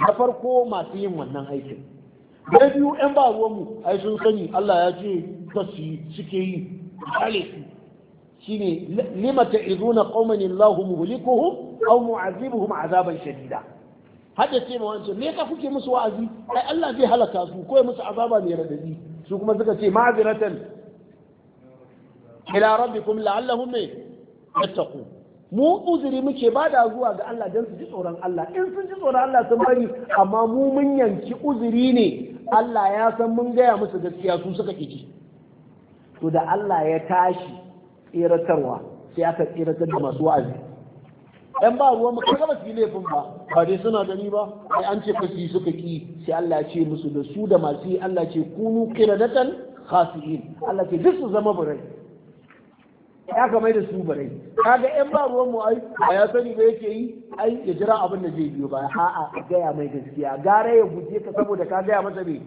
Speaker 1: na farko masu yin wannan aikin da biyu yan ba ruwanmu ai sun sani Allah ya ce yi, suke yi kale su shine limata ta'izuna qauman Allahu muhlikuhum aw mu'azibuhum azaban shadida hada ce ma wancan me ka kuke musu wa'azi ai Allah zai halaka su ko musu azaba mai radadi su kuma suka ce ma'aziratan ila rabbikum la'allahum yattaqu mu uzuri muke bada zuwa ga Allah dan su ji tsoron Allah in sun ji tsoron Allah sun bari amma mu mun yanki uzuri ne Allah ya san mun gaya musu gaskiya su suka kiji to da Allah ya tashi tsiratarwa sai aka tsiratar da masu wa'azi Yan ba ruwan maka kaga ba su yi laifin ba ba dai suna gani ba ai an ce kasu suka ki sai Allah ce musu da su da masu yi Allah ce kunu qiradatan khasiin Allah ce duk su zama burai ya ka mai da su burai kaga yan ba ruwan mu ai ba ya sani ba yake yi ai ya jira abin da zai biyo ba a'a gaya mai gaskiya gara ya guje ka saboda ka gaya masa me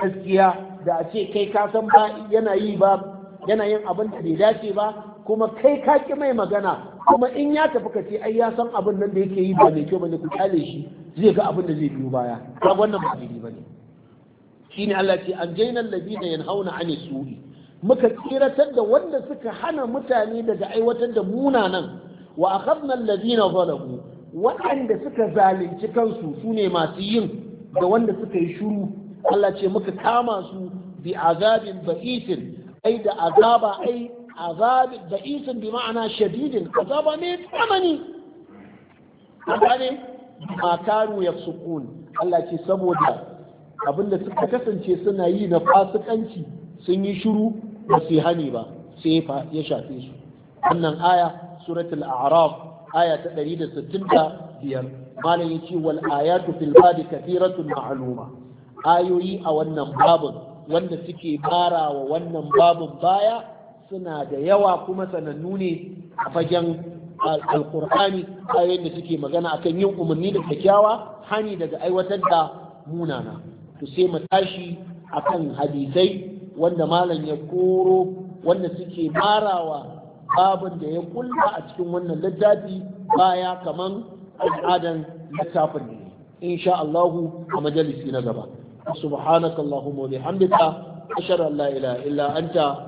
Speaker 1: gaskiya da a ce kai ka san ba yana yi ba yana yin abin da bai dace ba kuma kai ka ki mai magana kuma in ya tafi ka ce ai ya san abin nan da yake yi ba mai kyau bane ku kyale shi zai ga abin da zai biyo baya ba wannan ba daidai bane shine Allah ce an jaina alladina yanhauna an su'i muka tsiratar da wanda suka hana mutane daga aiwatar da munanan wa akhadna alladina zalamu waɗanda suka zalunci kansu su ne masu yin da wanda suka yi shuru Allah ce muka kama su bi azabin ba'isin ai da azaba ai azab da'isin bi ma'ana shadidin azaba mai tsanani gane ma karu ya sukun Allah ce saboda abinda suka kasance suna yi na fasikanci sun yi shiru ba su hani ba sai ya shafe su wannan aya suratul a'raf aya ta 165 malam yace wal ayatu fil badi kathiratun ma'luma ayoyi a wannan babun wanda suke kara wa wannan babun baya suna da yawa kuma sanannu ne a fagen alkur'ani ayoyin da suke magana akan yin umarni da kyakkyawa hani daga aiwatar da munana to sai mu tashi akan hadisai wanda malam ya koro wanda suke marawa babin da ya kulla a cikin wannan littafi baya kaman al'adan littafin ne insha Allahu a majalisi na gaba subhanakallahumma wa bihamdika ashhadu an la ilaha illa anta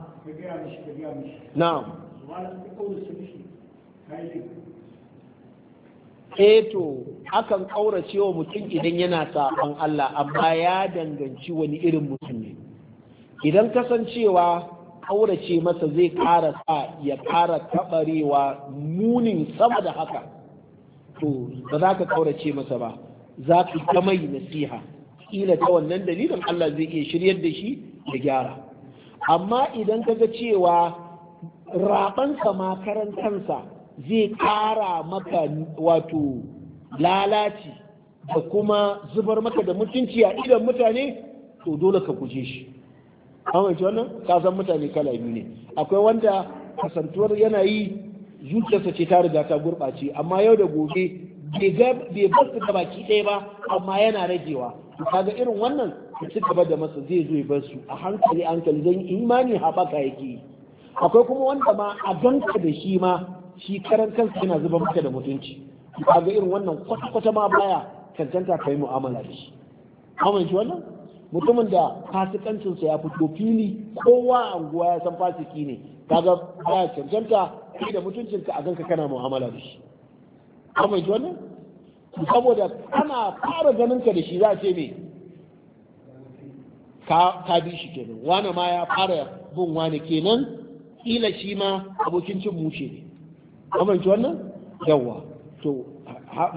Speaker 1: na'am eto eh akan ƙaurace wa mutum idan yana saɓon Allah amma ya danganci wani irin mutum ne idan kasancewa ƙaurace masa zai ƙara sa ya ƙara taɓarewa munin sama da haka to ba za ka ƙaurace masa ba za ka ta mai nasiha ƙila ta wannan dalilin Allah zai iya shiryar da shi da gyara amma idan ka ga cewa rabansa ma zai kara maka wato lalaci da kuma zubar maka da mutunci a idan mutane to dole ka guje shi ji wannan ka san mutane kala biyu ne akwai wanda kasantuwar yanayi zuciyarsa ce ta riga ta gurɓace amma yau da gobe bai bar su da baki ɗaya ba amma yana ragewa kaga irin wannan ka ci gaba da masa zai zo ya bar su a hankali hankali zan imani haɓaka yake akwai kuma wanda ma a ganka da shi ma shi karan kansa yana zuba maka da mutunci kaga irin wannan kwata-kwata ma baya cancanta ka yi mu'amala da shi shi wannan mutumin da sa ya fito fili kowa anguwa ya san fasiki ne kaga baya cancanta kai da mutuncinka a ganka kana mu'amala da shi shi wannan saboda ana fara ganin ka da shi za a ce me ka bi shi kenan wani ma ya fara bin wani kenan kila shi ma abokin cin mushe ne amince wannan yawa to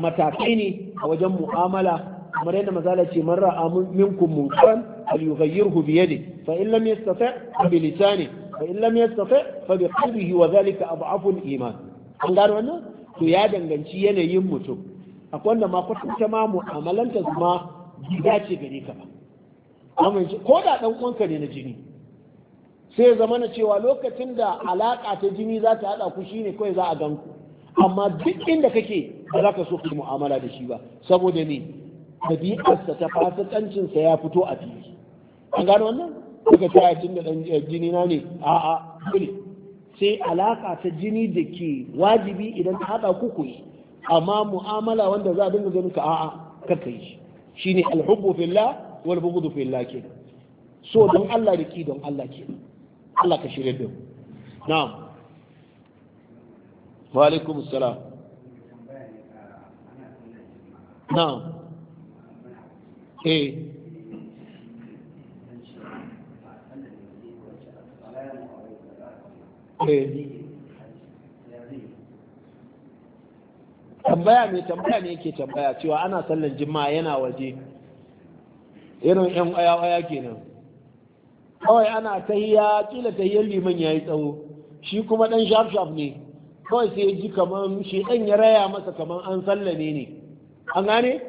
Speaker 1: matakai ne a wajen mu'amala kamar yadda mazala ce man ra'a minkum munkaran fal yughayyirhu bi fa in lam yastata' bi lisanihi fa in lam yastata' fa bi qalbihi wa dhalika adhafu al iman an gano wannan to ya danganci yanayin mutum akwai wanda ma kwatanta ma mu'amalanta ma gida ce gare ka ba ko da dan uwanka ne na jini sai zama na cewa lokacin da alaka ta jini za ta haɗa ku shine kawai za a gan amma duk inda kake ba za ka so ku mu'amala da shi ba saboda ne ɗabi'arsa ta fasikancinsa ya fito a fili an gano wannan daga cewa da dan eh, jini na ne a'a dole sai alaka ta jini da ke wajibi idan ta hada ku ku yi amma mu'amala wanda za a dinga ganin ka a'a karka yi shi ne alhubbu fillah wal bughdu fillah ke so don Allah da ki don Allah ke Allah ka shirye da mu na'am wa alaikum assalam na'am eh eh tambaya mai tambaya ne yake tambaya cewa ana sallar jima'a yana waje irin yan waya kenan kawai ana tahiya kila tahiyar liman yayi tsawo shi kuma ɗan sharp sharp ne kawai sai ji kaman shi ɗan ya raya masa kaman an sallame ne an gane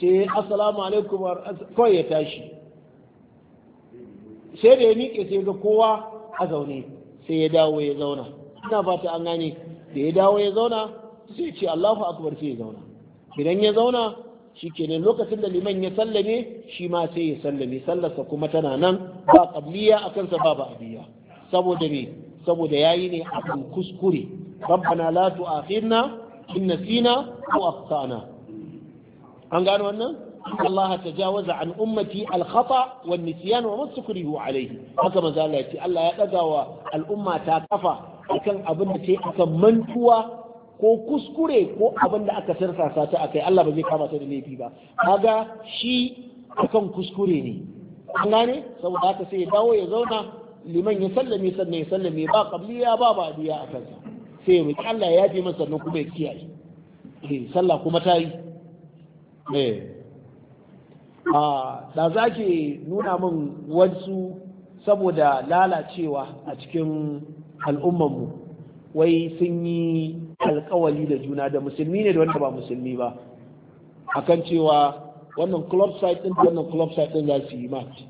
Speaker 1: sai assalamu alaikum kawai ya tashi sai da ya miƙe sai ga kowa a zaune sai ya dawo ya zauna ina fata an gane da ya dawo ya zauna sai ce Allahu akbar sai ya zauna idan ya zauna shi kenan lokacin da liman ya sallame shi ma sai ya sallame sallarsa kuma tana nan ba qabliya akan sa ba ba'diya saboda me saboda yayi ne akan kuskure rabbana la tu'akhirna in nasina aw akhtana an gano wannan Allah tajawaza an ummati al-khata wa nisyan wa masukrihu alayhi haka manzo Allah ya ce Allah ya daga wa al'ummata ta kafa akan abin da sai akan mantuwa ko kuskure ko abin da aka tarsasa ta akai Allah ba zai kama ta da laifi ba kaga shi akan kuskure ne an gane saboda haka sai ya dawo ya zauna liman ya sallame sannan ya sallame ba qabliya ba ba diya a kansa sai mu Allah ya yafe masa sannan kuma ya kiyaye eh sallah kuma ta yi eh a da zake nuna min wasu saboda lalacewa a cikin mu wai sun yi alkawali da juna da musulmi ne da wanda ba musulmi ba akan cewa wannan club site din wannan club site din za su yi match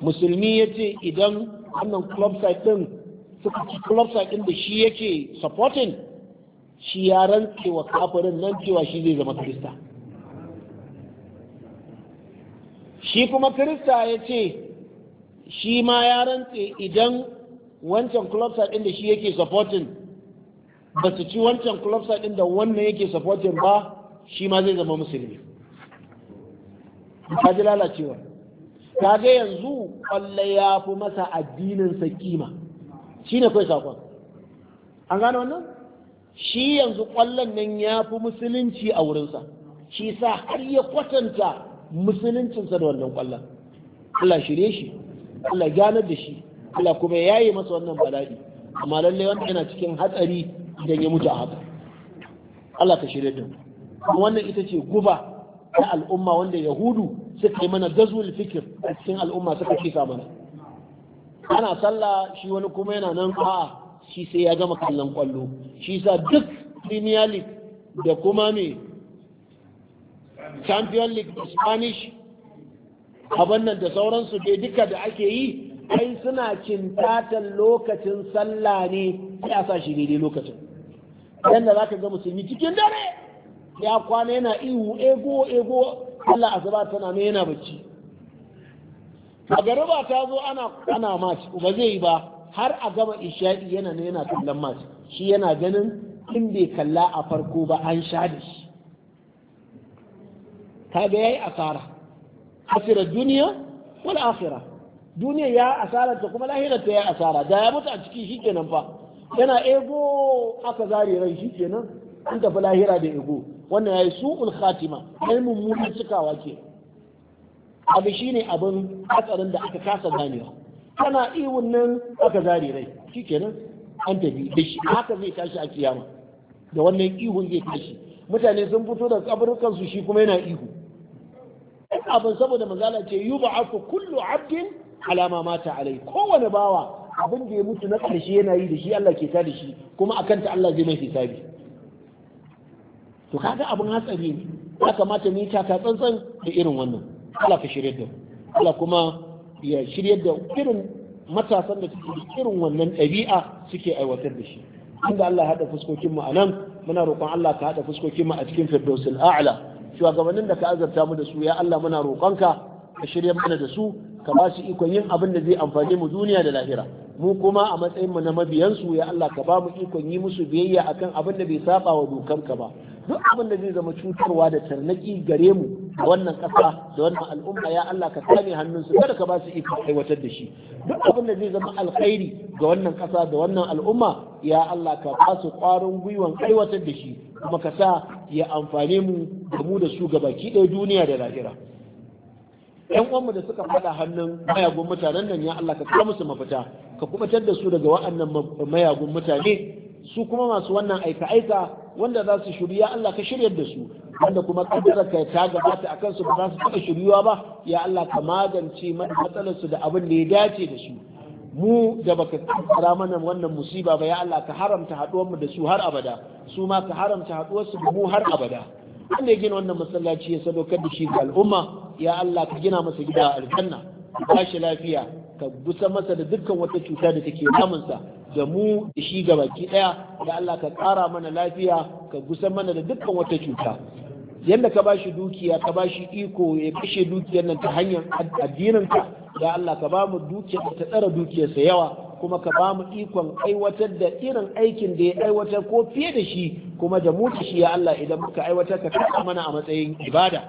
Speaker 1: musulmi ya ce idan wannan club site din suka ci club site din da shi yake supporting shi ya rantse wa kafirin nan cewa shi zai zama krista shi kuma krista ya ce shi ma ya rantse idan wancan club site din da shi yake supporting ba su ci wancan club ɗin da wannan yake supporting ba shi ma zai zama musulmi Ta ji lalacewa Ta ga yanzu kwalle ya fi masa addinin sa kima shi ne kai sakon an gano wannan shi yanzu kwallon nan ya fi musulunci a wurinsa shi sa har ya kwatanta musuluncinsa da wannan kwallon Allah shirye shi Allah ganar da shi Allah kuma ya yi masa wannan bala'i amma lallai wanda yana cikin hatsari idan ya mutu a haka Allah ka shirya da mu wannan ita ce guba ta al'umma wanda yahudu suka yi mana gazul fikir a cikin al'umma suka kisa mana ana sallah shi wani kuma yana nan a shi sai ya gama kallon kwallo shi sa duk premier league da kuma mai champion league da spanish abin nan da sauransu dai duka da ake yi ai suna cintatan lokacin sallah ne ya sa shi daidai lokacin yadda za ka ga musulmi cikin dare ya kwana yana ihu ego ego Allah azaba tana ne yana bacci a garba ta zo ana ana maci ba zai yi ba har a gama ishaɗi yana ne yana kallon maci shi yana ganin in bai kalla a farko ba an sha da shi Ta ga ya yayi asara asirar duniya wani asira? duniya ya asara ta kuma lahirar ta ya asara da ya mutu a ciki shi kenan fa yana ego aka zare ran shi kenan an tafi lahira da ego wannan yayi su'ul khatima ai mummunan cikawa ke abu shine abin hatsarin da aka kasa ganewa kana iwun nan aka zare rai shikenan an tafi da shi haka zai tashi a kiyama da wannan ihun zai tashi mutane sun fito da kabarukan su shi kuma yana ihu abin saboda manzala ce yub'athu kullu abdin alama mata alai kowane bawa abin da ya mutu na ƙarshe yana yi da shi Allah ke ta da shi kuma akan ta Allah zai mai hisabi to kaga abin hatsari ne ya kamata mu yi taka tsantsan da irin wannan Allah ka shirya da Allah kuma ya shirya da irin matasan da suke irin wannan ɗabi'a suke aiwatar da shi inda Allah haɗa fuskokin mu anan muna roƙon Allah ka haɗa fuskokin mu a cikin firdausul a'la shugabannin da ka azarta mu da su ya Allah muna roƙonka ka shirya mana da su ka ba shi ikon yin abin da zai amfane mu duniya da lahira mu kuma a matsayin mu na mabiyansu ya Allah ka ba mu ikon yi musu biyayya akan abin da bai saba wa ka ba duk abin da zai zama cutarwa da tarnaki gare mu a wannan ƙasa da wannan al'umma ya Allah ka kame hannunsu kada ka ba su ikon aiwatar da shi duk abin da zai zama alkhairi ga wannan ƙasa da wannan al'umma ya Allah ka ba su ƙwarin gwiwan aiwatar da shi kuma ka sa ya amfane mu da mu da su gabaki ɗaya duniya da lahira yan uwanmu da suka fada hannun mayagun mutanen nan ya Allah ka kawo musu mafita ka kubatar da su daga wa'annan mayagun mutane su kuma masu wannan aika aika wanda za su shiru ya Allah ka shiryar da su wanda kuma kadarar ka ta gabata akan su ba za su taba shiryuwa ba ya Allah ka magance matsalar su da abin da ya dace da su mu da baka tsara mana wannan musiba ba ya Allah ka haramta haduwar mu da su har abada su ma ka haramta haduwar su da mu har abada wanda ya gina wannan masallaci ya sadaukar da shi ga al'umma ya Allah ka gina masa gida a aljanna ka ba shi lafiya ka gusa masa da dukkan wata cuta da take sa da mu da shi ga baki daya Allah ka ƙara mana lafiya ka gusa mana da dukkan wata cuta yadda ka bashi dukiya ka bashi iko ya kashe dukiyar nan ta hanyar addininka ya Allah ka ba mu ta tsara dukiyarsa yawa kuma ka ba mu ikon aiwatar da irin aikin da ya aiwatar ko fiye da shi kuma da mu shi ya Allah idan muka aiwatar ka kaɗa mana a matsayin ibada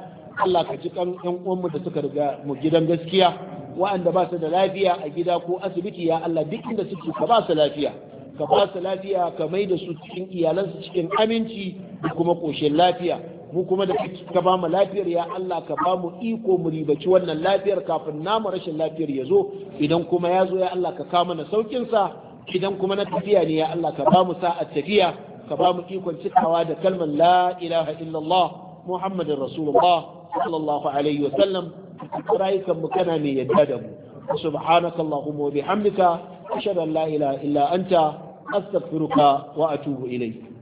Speaker 1: Allah ka ji kan ƴan uwanmu da suka riga mu gidan gaskiya wa'anda ba su da lafiya a gida ko asibiti ya Allah duk inda suke ka ba su lafiya ka ba su lafiya ka mai da su cikin iyalansu cikin aminci da kuma ƙoshin lafiya mu kuma da ka ba mu lafiyar ya Allah ka ba mu iko mu ribaci wannan lafiyar kafin namu rashin lafiyar ya zo idan kuma ya zo ya Allah ka kama na saukin sa idan kuma na tafiya ne ya Allah ka ba mu sa'a tafiya ka ba mu ikon cikawa da kalmar la ilaha illallah muhammadin rasulullah sallallahu alaihi wa sallam rayukan mu kana mai yadda da mu subhanaka allahumma wa bihamdika ashhadu an la ilaha illa anta astaghfiruka wa